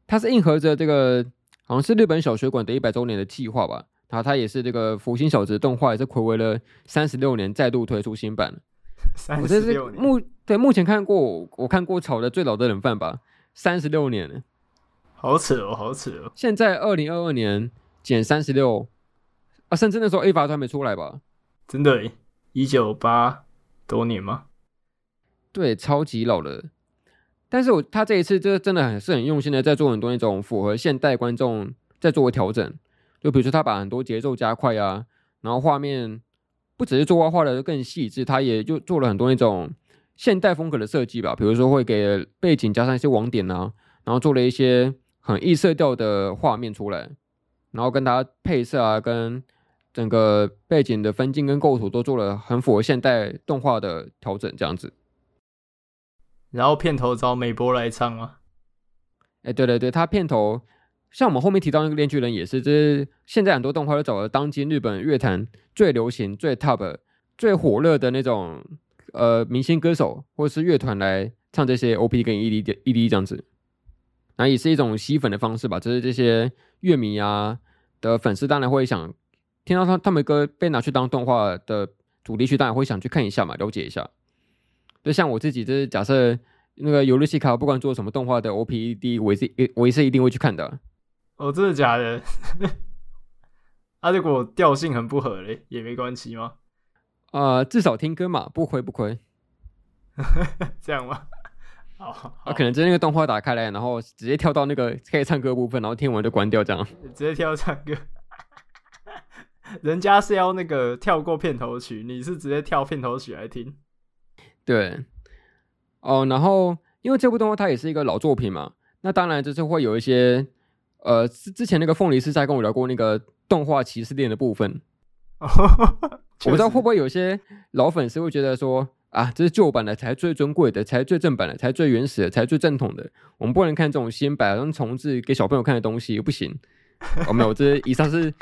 它是應和着這個好像是日本小學館的一百周年的計劃吧，然後它也是這個福星小子動畫也是睽違了三十六年再度推出新版，我、哦、這是，三十六年，目對目前看過我看過炒的最老的冷飯吧，三十六年。好扯哦，好扯哦！現在二零二二年減三十六，啊，甚至那時候 A 閥都還沒出來吧？真的，一九八多年嗎？對，超級老了。但是我他這一次就是真的很是很用心的在做很多那種符合現代觀眾在做的調整，就比如說他把很多節奏加快啊，然後畫面不只是做畫畫的更細緻，他也就做了很多那種現代風格的設計吧，比如說會給背景加上一些網點啊，然後做了一些。很異色調的畫面出來，然後跟它配色啊，跟整個背景的分鏡跟構圖都做了很符合現代動畫的調整，這樣子。然後片頭找美波來唱啊，哎、欸，對對對，他片頭像我們後面提到那個《鏈鋸人》也是，就是現在很多動畫都找了當今日本樂壇最流行、最 top、最火熱的那種呃明星歌手或者是樂團來唱這些 OP 跟 ED、ED 這樣子。那也是一種吸粉的方式吧，就是這些樂迷啊的粉絲，當然會想聽到他他們歌被拿去當動畫的主題曲，當然會想去看一下嘛，了解一下。就像我自己，就是假設那個尤利西卡不管做什麼動畫的 OPED，我也是我也是一定會去看的。哦，真的假的？ 啊，如果調性很不合嘞，也沒關係嗎？啊、呃，至少聽歌嘛，不虧不虧。 這樣嗎？哦、啊，可能就是那個動畫打開來，然後直接跳到那個可以唱歌部分，然後聽完就關掉這樣。直接跳唱歌， 人家是要那個跳過片頭曲，你是直接跳片頭曲來聽？對。哦，然後因為這部動畫它也是一個老作品嘛，那當然就是會有一些呃，之之前那個鳳梨是在跟我聊過那個動畫《騎士戀》的部分、 就是。我不知道會不會有些老粉絲會覺得說。啊，這是舊版的，才最尊貴的，才是最正版的，才最原始的，才最正統的。我們不能看這種新版，這重製給小朋友看的東西，也不行。我、 哦、沒有，這以上是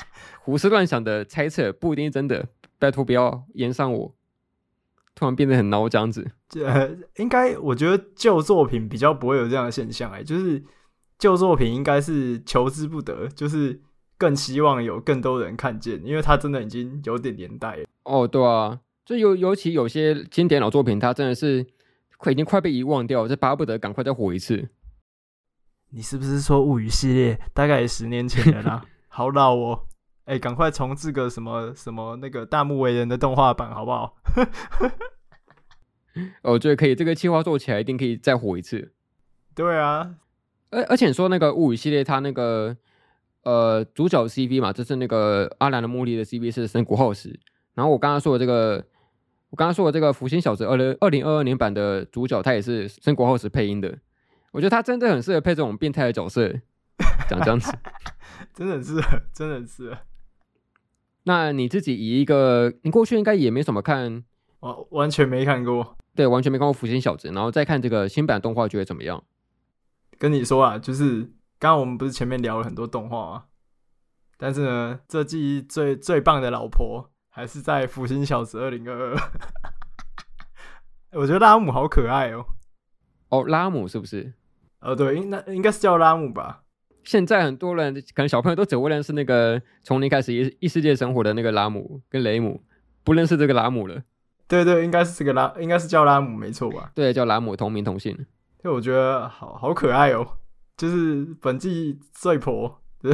胡思亂想的猜測，不一定是真的。拜托，不要冤上我。突然變得很孬這樣子。應該，我覺得舊作品比較不會有這樣的現象哎，就是舊作品應該是求之不得，就是更希望有更多人看見，因為它真的已經有點年代了。哦，對啊。所以尤尤其有些經典老作品，它真的是快已經快被遺忘掉了，就巴不得趕快再火一次。你是不是說《物語》系列？大概也十年前了， 好老哦！哎、欸，趕快重製個什麼什麼那個大暮維人的動畫版，好不好？我覺得可以，這個計劃做起來一定可以再火一次。對啊，而而且你說那個《物語》系列，它那個呃主角 C V 嘛，就是那個阿良良木曆的 C V 是神谷浩史，然後我剛剛說的這個。我剛剛說的這個《福星小子》二零二零二二年版的主角，他也是神谷浩史配音的。我覺得他真的很適合配這種變態的角色，講這樣子 真的是，真的是。那你自己以一個你過去應該也沒什麼看，我完全沒看過。對，完全沒看過《福星小子》，然後再看這個新版動畫，覺得怎麼樣？跟你說啊，就是剛剛我們不是前面聊了很多動畫嗎？但是呢，這季最最棒的老婆。還是在《福星小子》二零二二，我覺得拉姆好可愛哦。哦，拉姆是不是？哦，對，應那應該是叫拉姆吧。現在很多人可能小朋友都只會認識那個從零開始異異世界生活的那個拉姆跟雷姆，不認識這個拉姆了。對對，應該是這個拉，應該是叫拉姆，沒錯吧？對，叫拉姆，同名同姓。就我覺得好好可愛哦，就是本季最婆。對。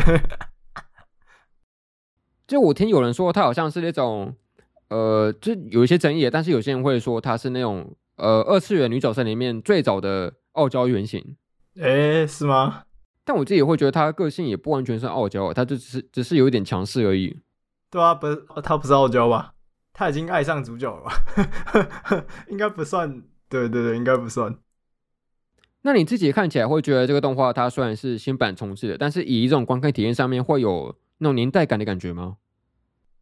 就我聽有人說，她好像是那種，呃，就有一些爭議，但是有些人會說她是那種，呃，二次元女角色裡面最早的傲嬌原型，哎、欸，是嗎？但我自己會覺得她的個性也不完全算傲嬌，她就只是只是有一點強勢而已。對啊，不是她不是傲嬌吧？她已經愛上主角了吧？ 應該不算。對對對，應該不算。那你自己看起來會覺得這個動畫它雖然是新版重製的，但是以這種觀看體驗上面會有那種年代感的感覺嗎？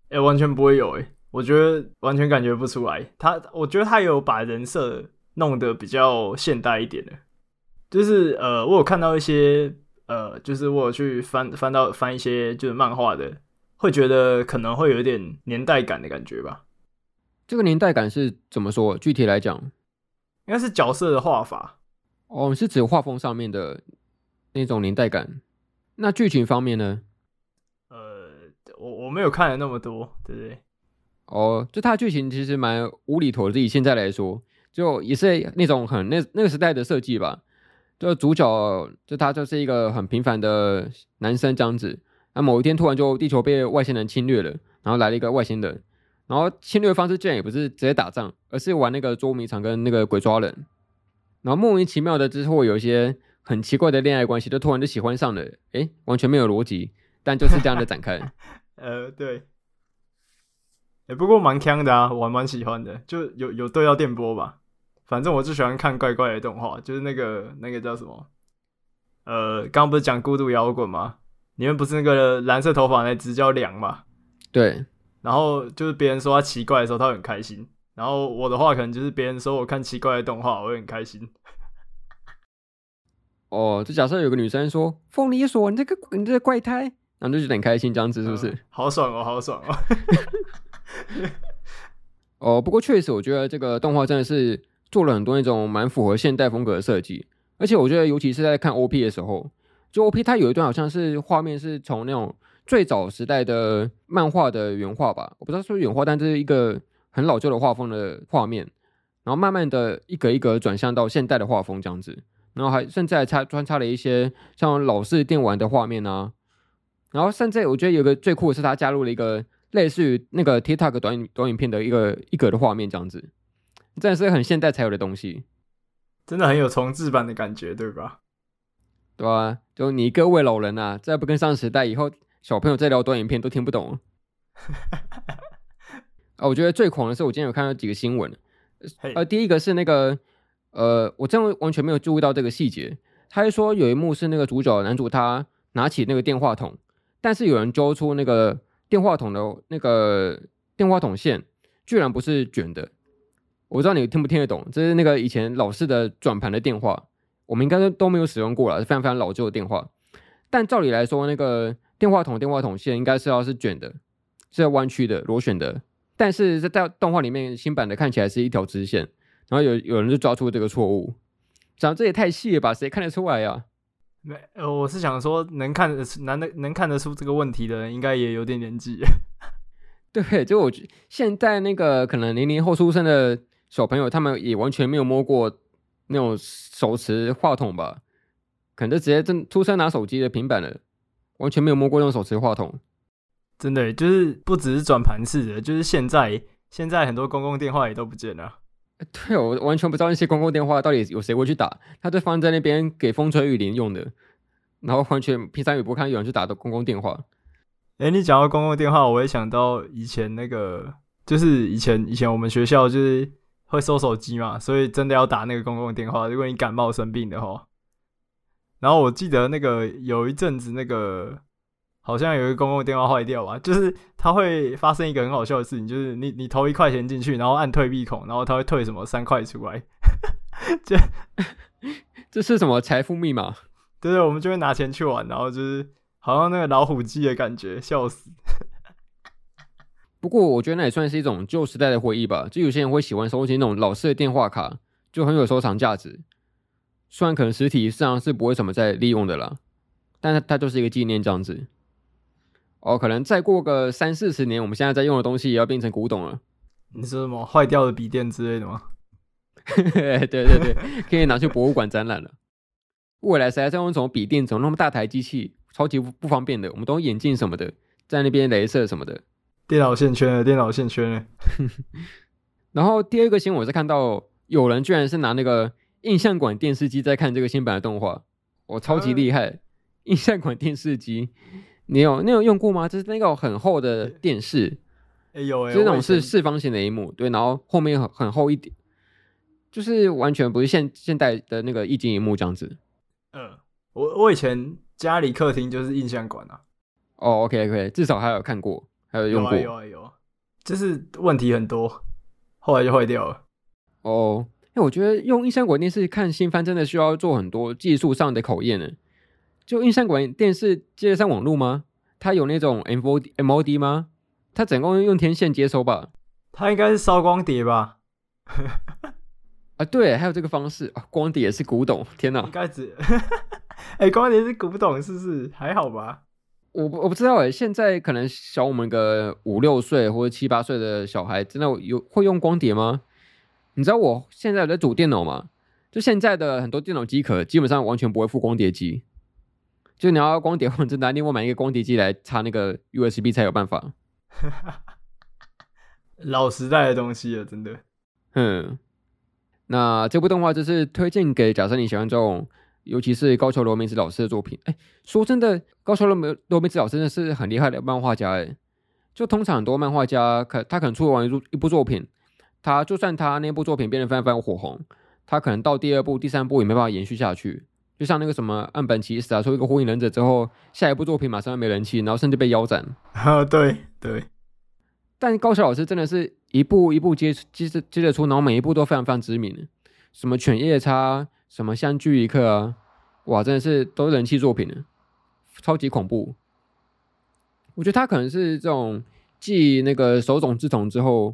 哎、欸，完全不會有哎，我覺得完全感覺不出來。他，我覺得他有把人設弄得比較現代一點的，就是呃，我有看到一些呃，就是我有去翻翻到翻一些就是漫畫的，會覺得可能會有點年代感的感覺吧。這個年代感是怎麼說？具體來講，應該是角色的畫法。哦，是指畫風上面的那種年代感。那劇情方面呢？沒有看了那麼多，對不對？哦，就他的劇情其實蠻無厘頭的。以現在來說，就也是那種很那那個時代的設計吧。就主角就他就是一個很平凡的男生，這樣子。那某一天突然就地球被外星人侵略了，然後來了一個外星人，然後侵略方式竟然也不是直接打仗，而是玩那個捉迷藏跟那個鬼抓人。然後莫名其妙的之後，有一些很奇怪的戀愛關係，就突然就喜歡上了，誒，完全沒有邏輯，但就是這樣的展開。 呃，對，也、欸、不過蠻強的啊，我還蠻喜歡的，就有有對到電波吧。反正我就喜歡看怪怪的動畫，就是那個那個叫什麼？呃，剛剛不是講孤獨搖滾嗎？你們不是那個藍色頭髮那隻叫涼嗎？對。然後就是別人說他奇怪的時候，他會很開心。然後我的話，可能就是別人說我看奇怪的動畫，我會很開心。哦，就假設有個女生說：“鳳梨說你這個你這個怪胎。”那、啊、就有點開心，這樣子是不是、呃？好爽哦，好爽哦 哦，不過確實，我覺得這個動畫真的是做了很多那種蠻符合現代風格的設計。而且我覺得，尤其是在看 OP 的時候，就 OP 它有一段好像是畫面是從那種最早時代的漫畫的原畫吧，我不知道是不是原畫，但這是一個很老舊的畫風的畫面。然後慢慢的一格一格轉向到現代的畫風這樣子。然後還甚至還插，穿插了一些像老式電玩的畫面啊。然後甚至我覺得有一個最酷的是，他加入了一個類似於那個 TikTok 短短影片的一個一格的畫面，這樣子，真的是很現代才有的東西，真的很有重製版的感覺，對吧？對啊，就你各位老人啊，再不跟上時代，以後小朋友在聊短影片都聽不懂。 啊，我覺得最狂的是，我今天有看到幾個新聞，呃，hey. 呃，第一個是那個呃，我真的完全沒有注意到這個細節，他就說有一幕是那個主角男主他拿起那個電話筒。但是有人揪出那個電話筒的那個電話筒線居然不是捲的，我不知道你聽不聽得懂，這是那個以前老式的轉盤的電話，我們應該都沒有使用過了，非常非常老舊的電話。但照理來說，那個電話筒電話筒線應該是要是捲的，是要彎曲的、螺旋的。但是在動畫裡面，新版的看起來是一條直線。然後有有人就抓出這個錯誤，講，這也太細了吧，誰看得出來呀、啊？沒，呃，我是想說能，能看得、難得能看得出這個問題的人，應該也有點年紀。對，就我覺，現在那個可能零零後出生的小朋友，他們也完全沒有摸過那種手持話筒吧？可能就直接真出生拿手機的平板了，完全沒有摸過那種手持話筒。真的，就是不只是轉盤式的，就是現在現在很多公共電話也都不見了。對哦，我完全不知道那些公共電話到底有誰會去打，他就放在那邊給風吹雨淋用的，然後完全平常也不看有人去打的公共電話。誒，你講到公共電話，我也想到以前那個，就是以前以前我們學校就是會收手機嘛，所以真的要打那個公共電話，如果你感冒生病的話，然後我記得那個有一陣子那個。好像有一個公共電話壞掉吧，就是它會發生一個很好笑的事情，就是你你投一塊錢進去，然後按退幣孔，然後它會退什麼三塊出來。這 這是什麼財富密碼？對對，我們就會拿錢去玩，然後就是好像那個老虎機的感覺，笑死。 不過我覺得那也算是一種舊時代的回憶吧。就有些人會喜歡收集那種老式的電話卡，就很有收藏價值。雖然可能實體上是不會怎麼再利用的啦，但它它就是一個紀念這樣子。哦，可能再過個三四十年，我們現在在用的東西也要變成古董了。你說什麼壞掉的筆電之類的嗎？ 對對對， 可以拿去博物館展覽了。未來誰還在用這種筆電？這種那麼大台機器，超級不，不方便的。我們都用眼鏡什麼的，在那邊雷射什麼的。電腦線圈了，電腦線圈了。 然後第二個新聞，我是看到有人居然是拿那個映像管電視機在看這個新版的動畫，我、哦、超級厲害、嗯！映像管電視機。你有你有用過嗎？就是那個很厚的電視，呦、欸欸，有、欸，這、就是、種是四方形的螢幕，對，然後後面很很厚一點，就是完全不是現現代的那個液晶螢幕這樣子。嗯、呃，我我以前家裡客廳就是映像管啊。哦、oh,，OK OK，至少還有看過，還有用過。有啊有啊，有，啊有，就是問題很多，後來就壞掉了。哦，哎，我覺得用映像管電視看新番真的需要做很多技術上的考驗呢。就映像管電視接得上網絡嗎？它有那種 MOD MOD 嗎？它整個用天線接收吧？它應該是燒光碟吧？ 啊，對，還有這個方式，啊、光碟也是古董，天哪！哎、 欸，光碟是古董是不是？還好吧？我我不知道哎，現在可能小我們個五六歲或者七八歲的小孩，真的有會用光碟嗎？你知道我現在在組電腦嗎？就現在的很多電腦機殼基本上完全不會附光碟機。就你要光碟，或者拿另外買一個光碟機來插那個 USB 才有辦法。哈哈哈，老時代的東西了，真的。嗯，那這部動畫就是推薦給，假設你喜歡這種，尤其是高橋留美子老師的作品。哎、欸，說真的，高橋留留美子老師真的是很厲害的漫畫家、欸。哎，就通常很多漫畫家可，可他可能出完一,一部作品，他就算他那部作品變得非常非常火紅，他可能到第二部、第三部也沒辦法延續下去。就像那個什麼岸本齊史啊，出一個《火影忍者》之後，下一部作品馬上要沒人氣，然後甚至被腰斬啊、哦，對對。但高橋老師真的是一部一部接接着接着出，然後每一部都非常非常知名，什麼《犬夜叉》、什麼《相聚一刻》啊，哇，真的是都是人氣作品，超級恐怖。我覺得他可能是這種繼那個手冢治蟲之後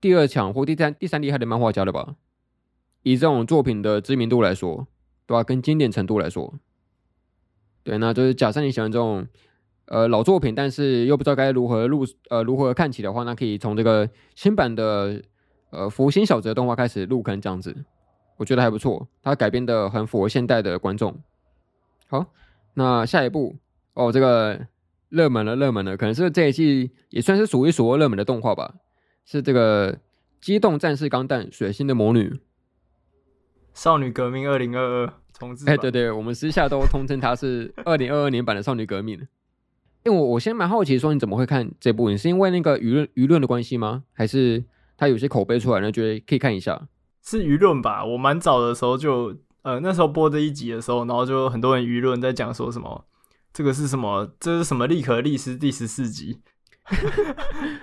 第二強或第三第三厲害的漫畫家了吧？以這種作品的知名度來說。對吧？跟經典程度來說，對，那就是假設你喜歡這種呃老作品，但是又不知道該如何錄呃如何看起的話，那可以從這個新版的呃《福星小子》動畫開始入坑這樣子，我覺得還不錯，它改編的很符合現代的觀眾。好，那下一步，哦，這個熱門了，熱門了，可能是，是這一季也算是數一數二熱門的動畫吧，是這個《機動戰士鋼彈：水星的魔女》。《少女革命》二零二二重製，哎、欸，對對，我們私下都通稱它是二零二二年版的《少女革命。》 因為我我現在蠻好奇，說你怎麼會看這部？影，是因為那個輿論輿論的關係嗎？還是他有些口碑出來了，覺得可以看一下？是輿論吧。我蠻早的時候就，呃，那時候播這一集的時候，然後就很多人輿論在講說什麼，這個是什麼？這是什麼？莉可麗絲第十四集。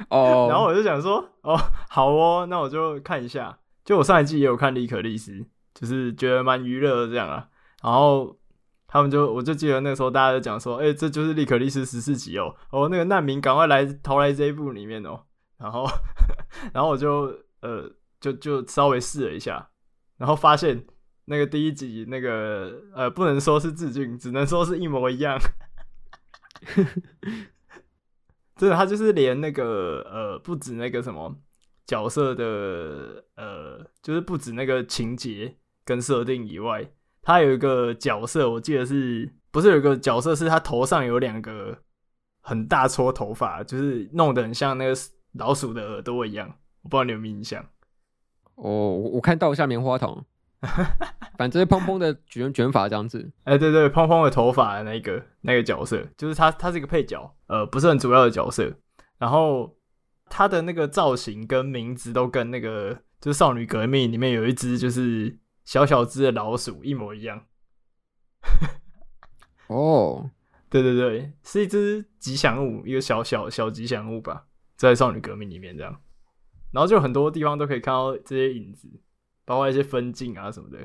哦。 然後我就想說 哦，哦，好哦，那我就看一下。就我上一季也有看莉可麗絲。就是覺得蠻娛樂的這樣啊，然後他們就，我就記得那個時候大家就講說，哎、欸，這就是《利可利斯十四集》哦，哦，那個難民趕快來逃來這一部裡面哦，然後，然後我就呃，就就稍微試了一下，然後發現那個第一集那個呃，不能說是致敬，只能說是一模一樣， 真的，他就是連那個呃，不止那個什麼角色的呃，就是不止那個情節。跟設定以外，他有一個角色，我記得是不是有個角色是他頭上有兩個很大撮頭髮，就是弄得很像那個老鼠的耳朵一樣。我不知道你有沒有印象？哦，我我看到像棉花糖， 反正蓬蓬的捲捲髮這樣子。哎、欸，對對，蓬蓬的頭髮的那個那個角色，就是他，他是一個配角，呃，不是很主要的角色。然後他的那個造型跟名字都跟那個就是《少女革命》裡面有一隻就是。小小只的老鼠一模一樣，哦、 oh.，對對對，是一只吉祥物，一個小小小吉祥物吧，在《少女革命》裡面這樣，然後就很多地方都可以看到這些影子，包括一些分鏡啊什麼的，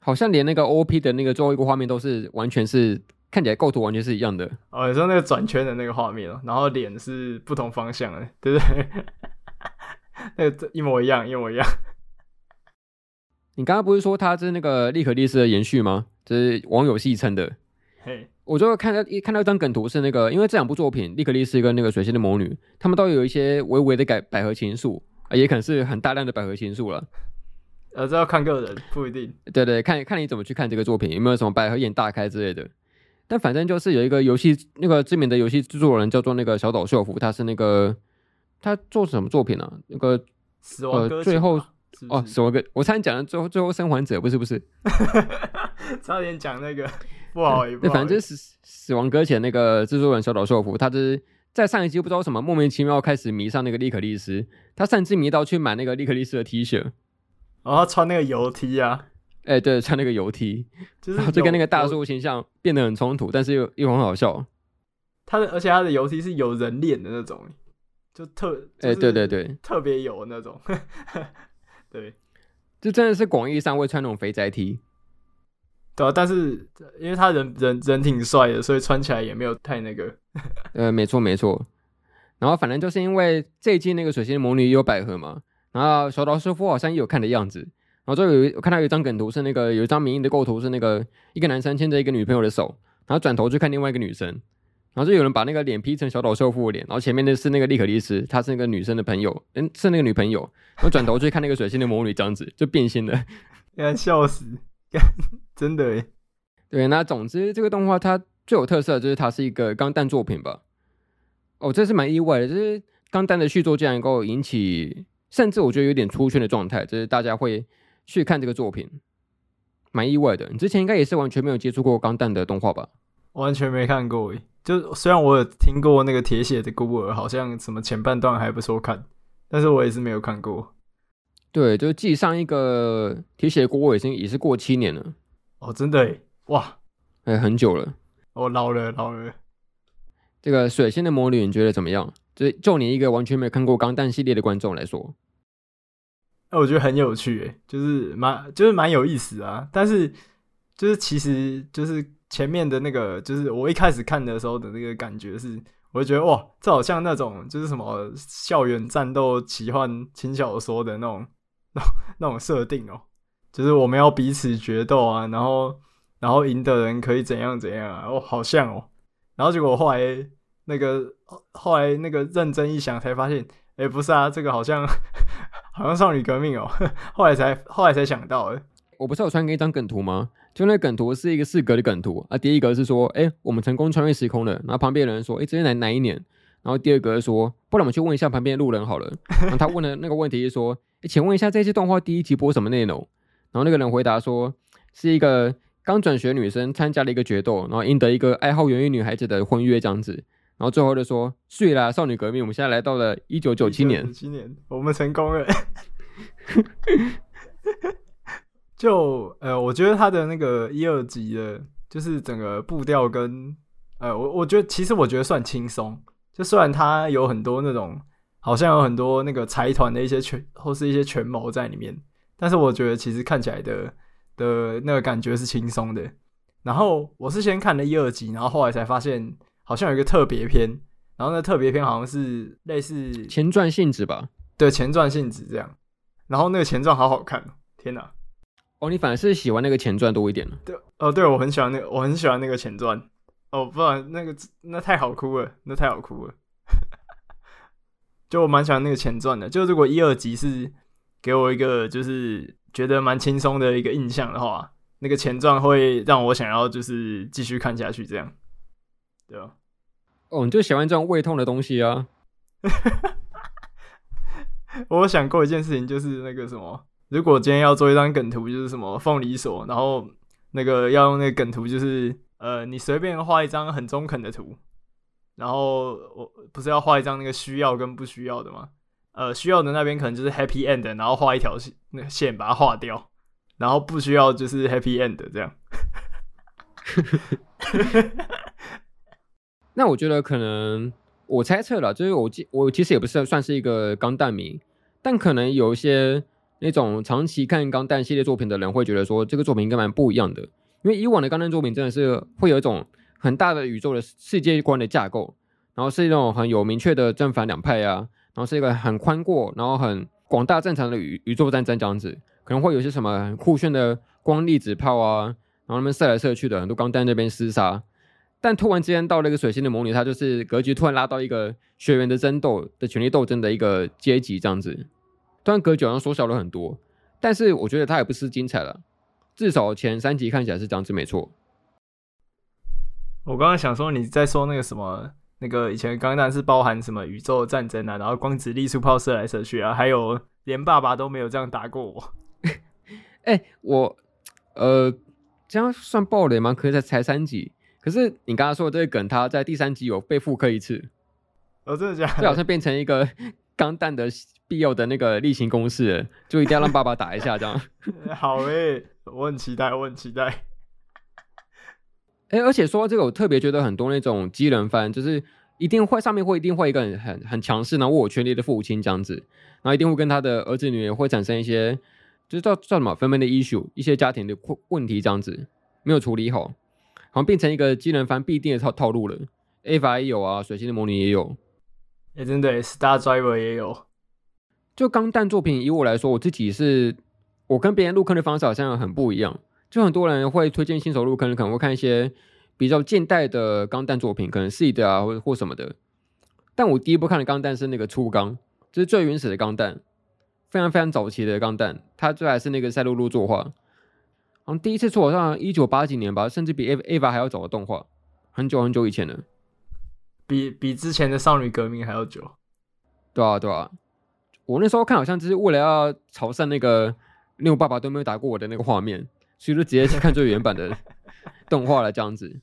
好像連那個 O P 的那個最後一個畫面都是完全是看起來構圖完全是一樣的，哦，你說那個轉圈的那個畫面哦，然後臉是不同方向的，對不對,對？ 那個一模一樣，一模一樣。你剛剛不是說他是那個《莉可麗絲》的延續嗎？這是網友戲稱的。嘿，我就看到一看到一張梗圖，是那個，因為這兩部作品《莉可麗絲》跟那個《水星的魔女》，他們都有一些微微的改百合情愫，啊，也可能是很大量的百合情愫了。呃、啊，這要看個人，不一定。對對，看看你怎麼去看這個作品，有沒有什麼百合眼大開之類的。但反正就是有一個遊戲，那個知名的遊戲製作人叫做那個小島秀夫，他是那個他做什麼作品呢、啊？那個死亡呃最後。是是哦，死亡擱我差點講了最後最後生還者，不是不是， 差點講那個， 不好意思、嗯。反正就是死，死亡擱淺那個制作人小島秀夫，他是在上一集不知道什麼莫名其妙開始迷上那個利可利斯，他甚至迷到去買那個利可利斯的 T 恤然後、哦、穿那個油 T 啊，哎對，穿那個油 T，就是就跟那個大叔形象變得很衝突，但是又又很好笑。他的而且他的油 T 是有人臉的那種，就特、就是、特哎對對對，特別有那種。對，就真的是廣義上會穿那種肥宅 T，對啊，但是因為他人人人挺帥的，所以穿起來也沒有太那個。 呃，沒錯沒錯。然後反正就是因為這一季那個水星魔女有百合嘛，然後小刀師傅好像也有看的樣子。然後這有一我看到有一張梗圖，是那個有一張明豔的構圖，是那個一個男生牽着一個女朋友的手，然後轉頭去看另外一個女生。然後就有人把那個臉 P 成小島秀夫的臉，然後前面的是那個莉可莉絲，她是那個女生的朋友，嗯，是那個女朋友。然 後轉頭去看那個水星的魔女，這樣子就變心了，要笑死！真的，對。那總之這個動畫它最有特色的就是它是一個鋼彈作品吧？哦，這是蠻意外的，就是鋼彈的續作竟然能夠引起，甚至我覺得有點出圈的狀態，就是大家會去看這個作品，蠻意外的。你之前應該也是完全沒有接觸過鋼彈的動畫吧？完全沒看過誒。就雖然我有聽過那個《鐵血的孤兒》，好像什麼前半段還不錯看，但是我也是沒有看過。對，就是繼上一個《鐵血孤兒》，已經也是過七年了。哦，真的？哇、欸，很久了，我、哦、老了，老了。這個《水星的魔女》你覺得怎麼樣？就就你一個完全沒有看過《鋼彈》系列的觀眾來說，那、啊、我覺得很有趣，哎，就是蠻，就是蠻、就是、有意思啊。但是，就是其實就是。前面的那個就是我一開始看的時候的那個感覺是，我就覺得哇，這好像那種就是什麼校園戰鬥奇幻輕小說的那種那種設定哦，就是我們要彼此決鬥啊，然後然後贏的人可以怎樣怎樣啊，哦，好像哦，然後結果後來那個後來那個認真一想才發現，哎，不是啊，這個好像好像少女革命哦，後來才後來才想到，我不是有傳給一張梗圖嗎？就那個梗圖是一個四格的梗圖啊，第一格是說，哎、欸，我們成功穿越時空了。然後旁邊人說，哎、欸，這是哪哪一年？然後第二格說，不然我們去問一下旁邊路人好了。然後他問的那個問題是說，哎、欸，請問一下，這期動畫第一集播什麼內容？然後那個人回答說，是一個剛轉學女生參加了一個決鬥，然後贏得一個愛好園藝女孩子的婚約這樣子。然後最後就說，水啦，少女革命，我們現在來到了一九九七年，我們成功了。就呃，我覺得他的那個一、二集的，就是整個步調跟呃，我我覺得其實我覺得算輕鬆。就雖然他有很多那種，好像有很多那個財團的一些權或是一些權謀在裡面，但是我覺得其實看起來的的那個感覺是輕鬆的。然後我是先看了一二集，然後後來才發現好像有一個特別篇，然後那特別篇好像是類似前傳性質吧？對，前傳性質這樣。然後那個前傳好好看，天哪！哦，你反正是喜歡那個前傳多一點。對，哦，對，我很喜歡那個，我很喜歡那個前傳。哦，不然，然那個那太好哭了，那太好哭了。 就我蠻喜歡那個前傳的。就如果一、二集是給我一個就是覺得蠻輕鬆的一個印象的話，那個前傳會讓我想要就是繼續看下去這樣。對啊。哦，你就喜歡這種胃痛的東西啊？ 我想過一件事情，就是那個什麼。如果今天要做一張梗圖，就是什麼鳳梨所，然後那個要用那個梗圖，就是呃，你隨便畫一張很中肯的圖，然後我不是要畫一張那個需要跟不需要的嗎？呃，需要的那邊可能就是 happy end，然後畫一條線，那個線把它畫掉，然後不需要就是 happy end 這樣。 那我覺得可能我猜測了，就是我我其實也不是算是一個鋼彈迷，但可能有一些，那種長期看《鋼彈》系列作品的人會覺得說，這個作品應該蠻不一樣的，因為以往的《鋼彈》作品真的是會有一種很大的宇宙的世界觀的架構，然後是一種很有明確的正反兩派啊，然後是一個很寬闊、然後很廣大正常的宇宇宙戰爭這樣子，可能會有些什麼很酷炫的光粒子炮啊，然後他們射來射去的，很多鋼彈那邊廝殺。但突然之間到了一個水星的魔女，它就是格局突然拉到一個學園的爭鬥的權力鬥爭的一個階級這樣子。雖然格局好像縮小了很多，但是我覺得它也不是精彩了。至少前三集看起來是這樣子沒錯。我剛剛想說你在說那個什麼，那個以前鋼彈是包含什麼宇宙戰爭啊，然後光子力束炮射來射去啊，還有連爸爸都沒有這樣打過我。哎、 欸，我呃這樣算暴雷嗎？可以在才三集，可是你剛剛說的這個梗，它在第三集有被複刻一次。哦，真的假的？就好像變成一個鋼彈的。必要的那個例行公事，就一定要讓爸爸打一下，這樣。 好誒耶， 我很期待，我很期待。誒、欸，而且說到這個，我特別覺得很多那種機人番，就是一定會上面會一定會一個很很強勢然後握有權力的父親這樣子，然後一定會跟他的兒子女兒會產生一些，就是叫叫什麼分分的 issue，一些家庭的問問題這樣子沒有處理好，好像變成一個機人番必定的套套路了。EVA 也有啊，水星的魔女也有，誒、欸，真的，Star Driver 也有。就鋼彈作品，以我來說，我自己是，我跟別人入坑的方式好像很不一樣。就很多人會推薦新手入坑，可能會看一些比較近代的鋼彈作品，可能 seed 啊，或者或什麼的。但我第一部看的鋼彈是那個初鋼，就是最原始的鋼彈，非常非常早期的鋼彈，它最還是那個賽璐璐作畫。然後第一次出好像一九八幾年吧，甚至比 EVA 還要早的動畫，很久很久以前的，比比之前的少女革命還要久。對啊，對啊。我那時候看好像就是為了要朝聖那個連我、那個、爸爸都沒有打過我的那個畫面，所以就直接去看最原版的 動畫了。這樣子，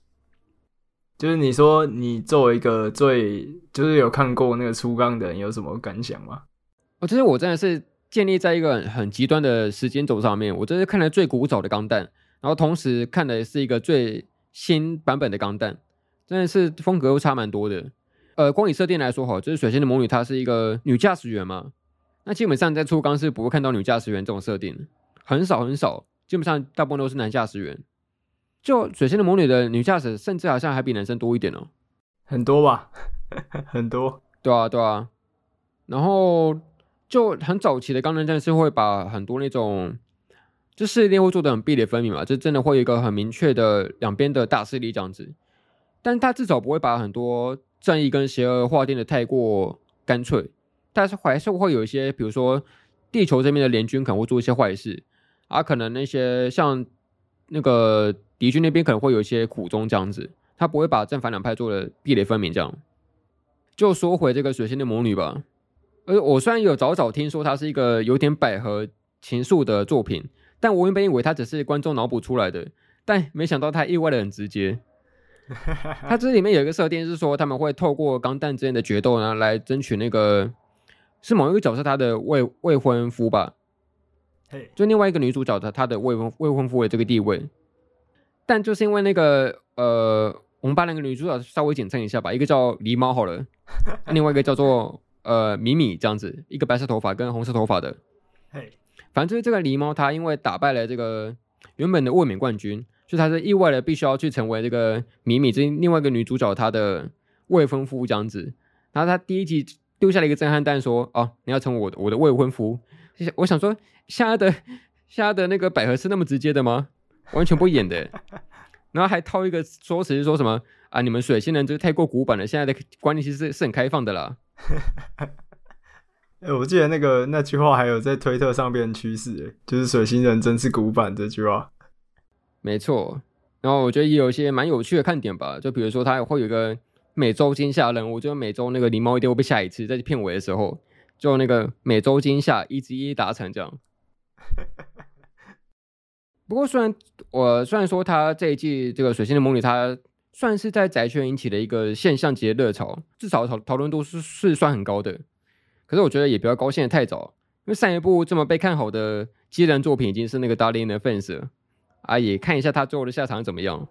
就是你說你作為一個最就是有看過那個初鋼的人，有什麼感想嗎？我其實我真的是建立在一個很極端的時間軸上面，我真是看了最古早的鋼彈，然後同時看的是一個最新版本的鋼彈，真的是風格又差蠻多的。呃，光以設定來說，哈，就是水星的魔女，她是一個女駕駛員嘛。那基本上在初剛是不會看到女駕駛員這種設定，很少很少，基本上大部分都是男駕駛員。就水星的魔女的女駕駛，甚至好像還比男生多一點哦。很多吧， 很多。對啊，對啊。然後就很早期的鋼彈戰士會把很多那種，就是一定會做的很壁壘分明嘛，就真的會有一個很明確的兩邊的大勢力這樣子。但他至少不會把很多正義跟邪惡劃定的太過乾脆。但是還是會有一些，比如說地球這邊的聯軍可能會做一些壞事，而、啊、可能那些像那個敵軍那邊可能會有一些苦衷這樣子，他不會把正反兩派做的壁壘分明這樣。就說回這個水星的魔女吧，呃，我雖然有早早聽說她是一個有點百合情愫的作品，但我原本以為她只是觀眾腦補出來的，但沒想到她意外的很直接。他這裡面有一個設定是說，他們會透過鋼彈之間的決鬥呢來爭取那個。是某一個角色，她的未未婚夫吧？嘿，就另外一個女主角的，她的未婚未婚夫的這個地位。但就是因為那個呃，我們把那個女主角稍微簡稱一下吧，一個叫狸貓好了，另外一個叫做呃米米這樣子，一個白色頭髮跟紅色頭髮的。嘿，反正就是這個狸貓，她因為打敗了這個原本的衛冕冠軍，所以她是意外的，必須要去成為這個米米這另外一個女主角她的未婚夫這樣子。然後她第一集。丟下了一個震撼彈，說：“哦，你要成為我的我的未婚夫。”我想說，嚇得嚇得那個百合是那麼直接的嗎？完全不演的。 然後還掏一個說辭，說什麼：“啊，你們水星人就是太過古板了，現在的觀念其實是是很開放的啦。 ”哎、欸，我記得那個那句話還有在推特上面趨勢，就是水星人真是古板這句話。沒錯，然後我覺得也有一些蠻有趣的看點吧，就比如說他會有一個。每週驚嚇人，我覺得每週那個狸貓一定會被嚇一次。在片尾的，的時候，就那個每週驚嚇一直一直達成這樣。 不過，雖然我、呃、雖然說他這一季這個《水星的魔女》他算是在宅圈引起了一個現象級的熱潮，至少討討論度是是算很高的。可是，我覺得也不要高興得太早，因為上一部這麼被看好的機人作品已經是那個《達令》的份了，啊，也看一下他最後的下場怎麼樣。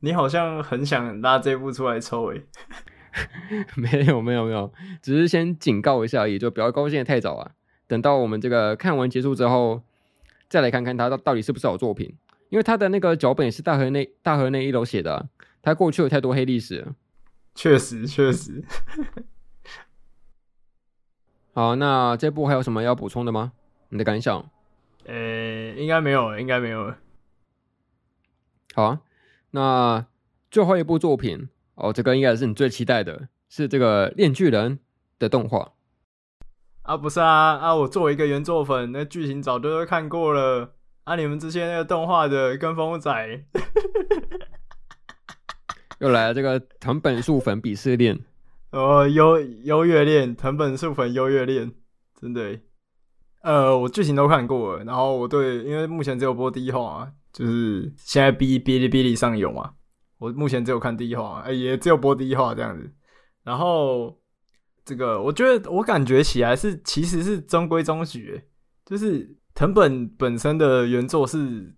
你好像很想拉這一部出來抽哎， 沒有沒有沒有，只是先警告一下而已，就不要高興的太早啊！等到我們這個看完結束之後，再來看看他到到底是不是好作品。因為他的那個腳本也是大河內大河內一樓寫的，啊，他過去有太多黑歷史，確實確實。實 好，那這部還有什麼要補充的嗎？你的感想？呃、欸，應該沒有了，應該沒有了。好啊。那最後一部作品哦，這個應該是你最期待的，是這個《鏈鋸人》的動畫啊？不是啊啊！我作為一個原作粉，那劇情早就都看過了啊！你們之前那個動畫的跟風仔 又來了，這個藤本樹粉鄙視鏈哦，優優越鏈，藤本樹粉優越鏈，真的。呃，我劇情都看過了，然後我對，因為目前只有播第一話，啊、就是現在嗶哩嗶哩上有嘛，啊，我目前只有看第一話，啊，哎、欸，也只有播第一話這樣子。然後這個，我覺得我感覺起來是其實是中規中矩，就是藤本本身的原作是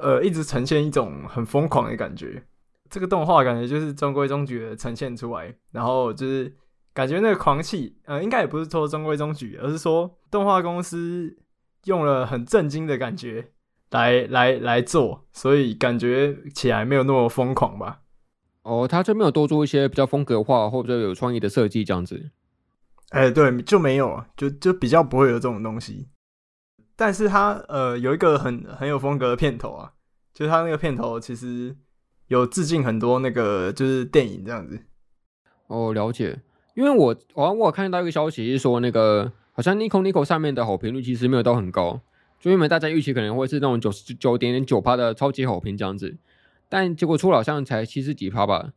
呃一直呈現一種很瘋狂的感覺，這個動畫感覺就是中規中矩呈現出來，然後就是。感覺那個狂氣，呃，應該也不是說中規中矩，而是說動畫公司用了很震驚的感覺來來來做，所以感覺起來沒有那麼瘋狂吧？哦，他就沒有多做一些比較風格化或者有創意的設計這樣子？哎、欸，對，就沒有，啊，就就比較不會有這種東西。但是他呃有一個很很有風格的片頭啊，就是它那個片頭其實有致敬很多那個就是電影這樣子。哦，了解。因為我好我，我有看到一個消息是說，那個好像 Nico Nico 上面的好評率其實沒有到很高，就因為大家預期可能會是那種九十九點點九趴的超級好評這樣子，但結果出了好像才七十幾趴吧，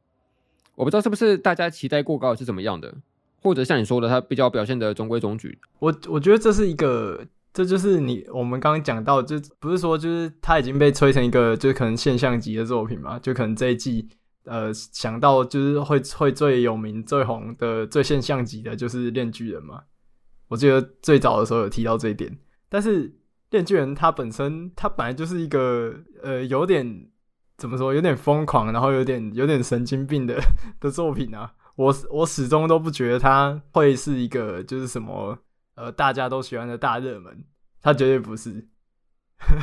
我不知道是不是大家期待過高是怎麼樣的，或者像你說的，它比較表現得中規中矩。我我覺得這是一個，這就是你我們剛剛講到，就不是說就是它已經被吹成一個就可能現象級的作品嘛，就可能這一季。呃，想到就是會會最有名、最紅的、最現象級的，就是《鏈鋸人》嘛。我記得最早的時候有提到這一點，但是《鏈鋸人》它本身，它本來就是一個呃，有點怎麼說，有點瘋狂，然後有點有點神經病的的作品啊。我我始終都不覺得它會是一個就是什麼呃大家都喜歡的大熱門，他絕對不是。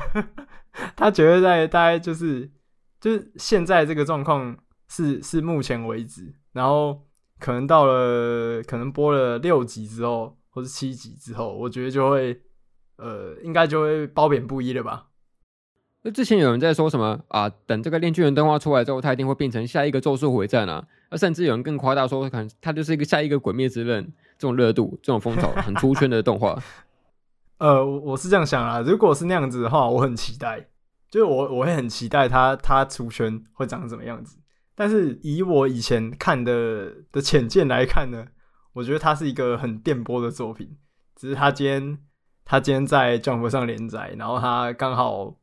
他絕對在大，大概就是就是現在這個狀況。是是目前為止，然後可能到了可能播了六集之後，或者七集之後，我覺得就會呃，應該就會褒貶不一了吧。那之前有人在說什麼啊？等這個《鏈鋸人》動畫出來之後，它一定會變成下一個《咒術回戰》啊！而甚至有人更誇大說，可能它就是一個下一個《鬼滅之刃》這種熱度、這種風潮很出圈的動畫。 呃，我我是這樣想啊，如果是那樣子的話，我很期待，就是我我會很期待他他出圈會長什麼樣子。但是以我以前看的的淺見來看呢，我覺得他是一個很電波的作品。只是他今天他今天在 Jump 上連載，然後他剛好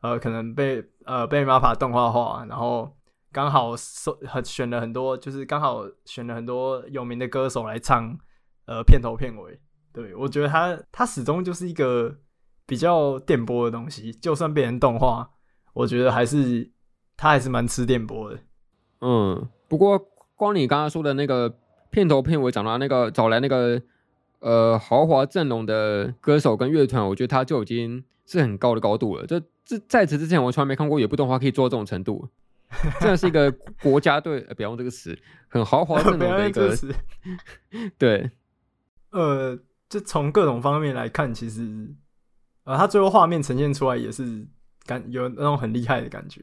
呃可能被呃被 MAPPA 動畫化，然後剛好收選了很多，就是剛好選了很多有名的歌手來唱呃片頭片尾。對，我覺得他他始終就是一個比較電波的東西，就算被人動畫，我覺得還是他還是蠻吃電波的。嗯，不過光你剛剛說的那個片頭片尾講到他那個找來那個呃豪華陣容的歌手跟樂團，我覺得他就已經是很高的高度了。這這在此之前我從來沒看過有部動畫可以做到這種程度，這 是一個國家隊，別用這個詞，很豪華陣容的一個。對，呃，這呃 呃就從各種方面來看，其實呃他最後畫面呈現出來也是感有那種很厲害的感覺。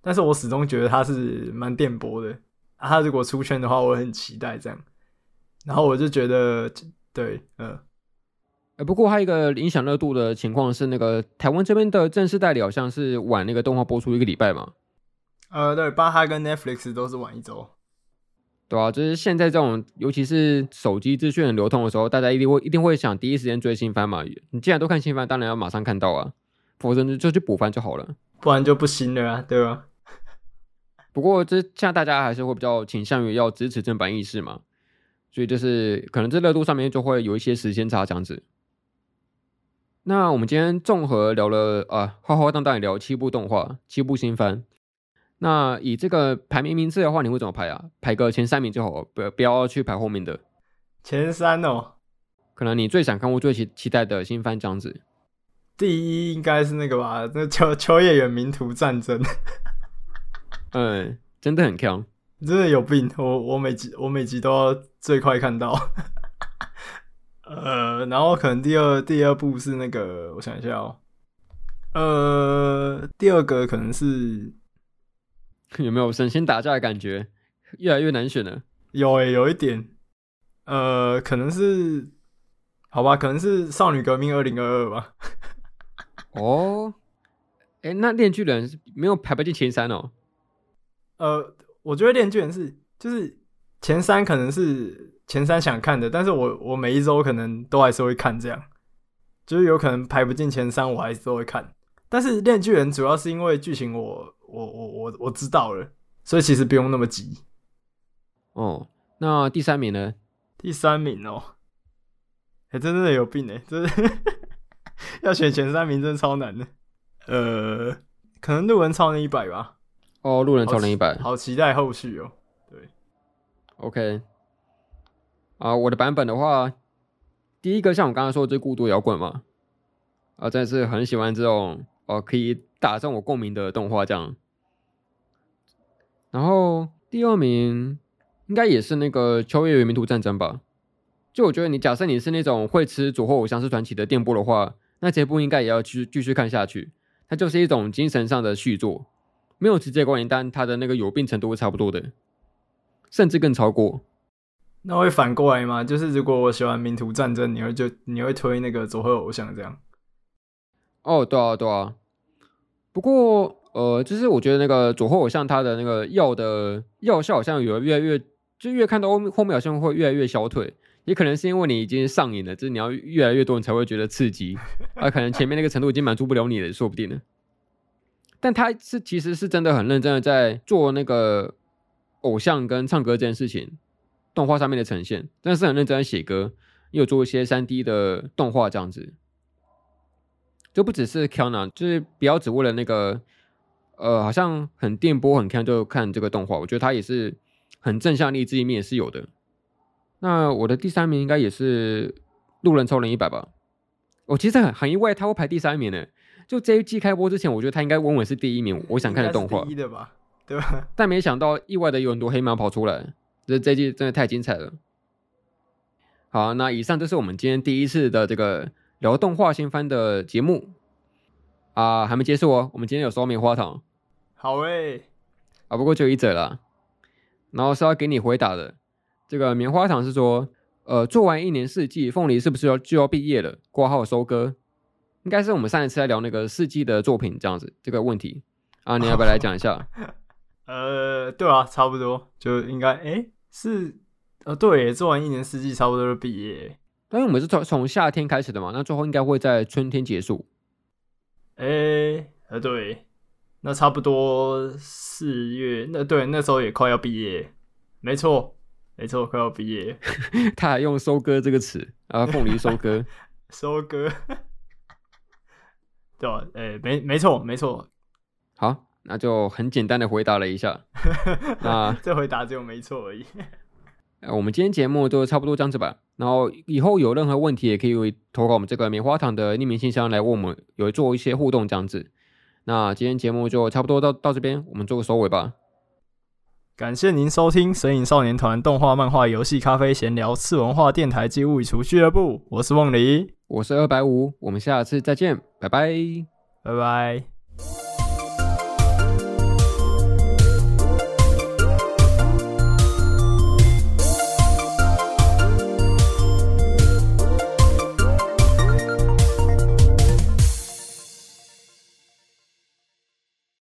但是我始終覺得他是蠻電波的，啊，他如果出圈的話，我很期待這樣。然後我就覺得，對，呃，不過還有一個影響熱度的情況是，那個台灣這邊的正式代理好像是晚那個動畫播出一個禮拜嘛。呃，對，巴哈跟 Netflix 都是晚一周。對啊，就是現在這種，尤其是手機資訊很流通的時候，大家一定會一定會想第一時間追新番嘛。你既然都看新番，當然要馬上看到啊，否則你就去補番就好了。不然就不行了啊，對吧？不過這現在大家還是會比較傾向於要支持正版意識嘛，所以就是可能這熱度上面就會有一些時間差這樣子。那我們今天綜合聊了啊，浩浩蕩蕩，蕩聊七部動畫、七部新番。那以這個排名名次的話，你會怎麼排啊？排個前三名就好，不不要去排後面的。前三哦，可能你最想看過最期期待的新番這樣子。第一應該是那個吧，那秋秋葉原冥途戰爭。 嗯，真的很 Q，真的有病。我我每集我每集都要最快看到， 呃，然後可能第二第二部是那個，我想一下哦，呃，第二個可能是，有沒有神仙打架的感覺，越來越難選了。有誒、欸，有一點，呃，可能是好吧，可能是少女革命二零二二吧。哦，哎、欸，那《鏈鋸人》沒有排不進前三哦。呃，我覺得人是《鏈鋸人》是就是前三可能是前三想看的，但是我我每一周可能都還是會看，這樣就是有可能排不進前三，我還是都會看。但是《鏈鋸人》主要是因為劇情我，我我我我我知道了，所以其實不用那麼急。哦，那第三名呢？第三名哦，哎、欸，真的有病哎，真的。 要選前三名真的超難的，呃，可能路人超能100吧。哦，路人超能100，好期待後續哦。對，OK，啊，我的版本的話，第一個像我剛剛說的，就孤獨搖滾嘛，啊，但是很喜歡這種哦、啊、可以打上我共鳴的動畫這樣。然後第二名應該也是那個秋葉原冥途戰爭吧，就我覺得你假設你是那種會吃組合偶像式傳奇的電波的話，那這部應該也要去繼續看下去，它就是一種精神上的續作，沒有直接關聯，但它的那個有病程度是差不多的，甚至更超過。那會反過來嗎？就是如果我喜歡《冥途戰爭》，你會就你會推那個左後偶像這樣？哦、oh,，對啊，對啊。不過，呃，就是我覺得那個左後偶像他的那個藥的藥效好像有越來越，就越看到後面，後面好像會越來越消退。也可能是因為你已經上癮了，就是你要越來越多人才會覺得刺激，啊，可能前面那個程度已經滿足不了你了，說不定呢。但他是其實是真的很認真的在做那個偶像跟唱歌這件事情，動畫上面的呈現，但是很認真的寫歌，又做一些三 D 的動畫這樣子，就不只是 Kana 就是不要只為了那個，呃，好像很電波很看就看這個動畫，我覺得他也是很正向力這一面也是有的。那我的第三名應該也是路人超能100吧。我、哦、其實很很意外他會排第三名的，就這一季開播之前，我覺得他應該穩穩是第一名，我想看的動畫第一的吧，對吧？但沒想到意外的有很多黑馬跑出來，這這季真的太精彩了。好，那以上就是我們今天第一次的這個聊動畫新番的節目啊，還沒結束哦。我們今天有說棉花糖。好誒、欸。啊，不過就一嘴了。然後是要給你回答的。這個棉花糖是說，呃，做完一年四季，鳳梨是不是要就要畢業了？括號收割，應該是我們上一次在聊那個四季的作品這樣子，這個問題啊，你要不要來講一下？ 呃，對啊，差不多就應該，哎，是，呃、哦，對，做完一年四季差不多就畢業。但是我們是從從夏天開始的嘛，那最後應該會在春天結束。哎，呃，對，那差不多四月，那對，那時候也快要畢業，沒錯。沒錯，我快要畢業。 他還用“收割”這個詞啊，鳳梨收割， 收割， 對吧、啊？哎、欸，沒沒錯，沒錯。好，那就很簡單的回答了一下。 那這回答就沒錯而已 、呃。我們今天節目就差不多這樣子吧。然後以後有任何問題，也可以投稿我們這個棉花糖的匿名信箱來問我們，有做一些互動這樣子。那今天節目就差不多到到這邊，我們做個收尾吧。感謝您收聽《神隱少年團》動畫、漫畫、遊戲、咖啡閒聊次文化電台暨物語俱樂部。我是夢璃，我是二百五。我們下次再見，拜拜，拜拜。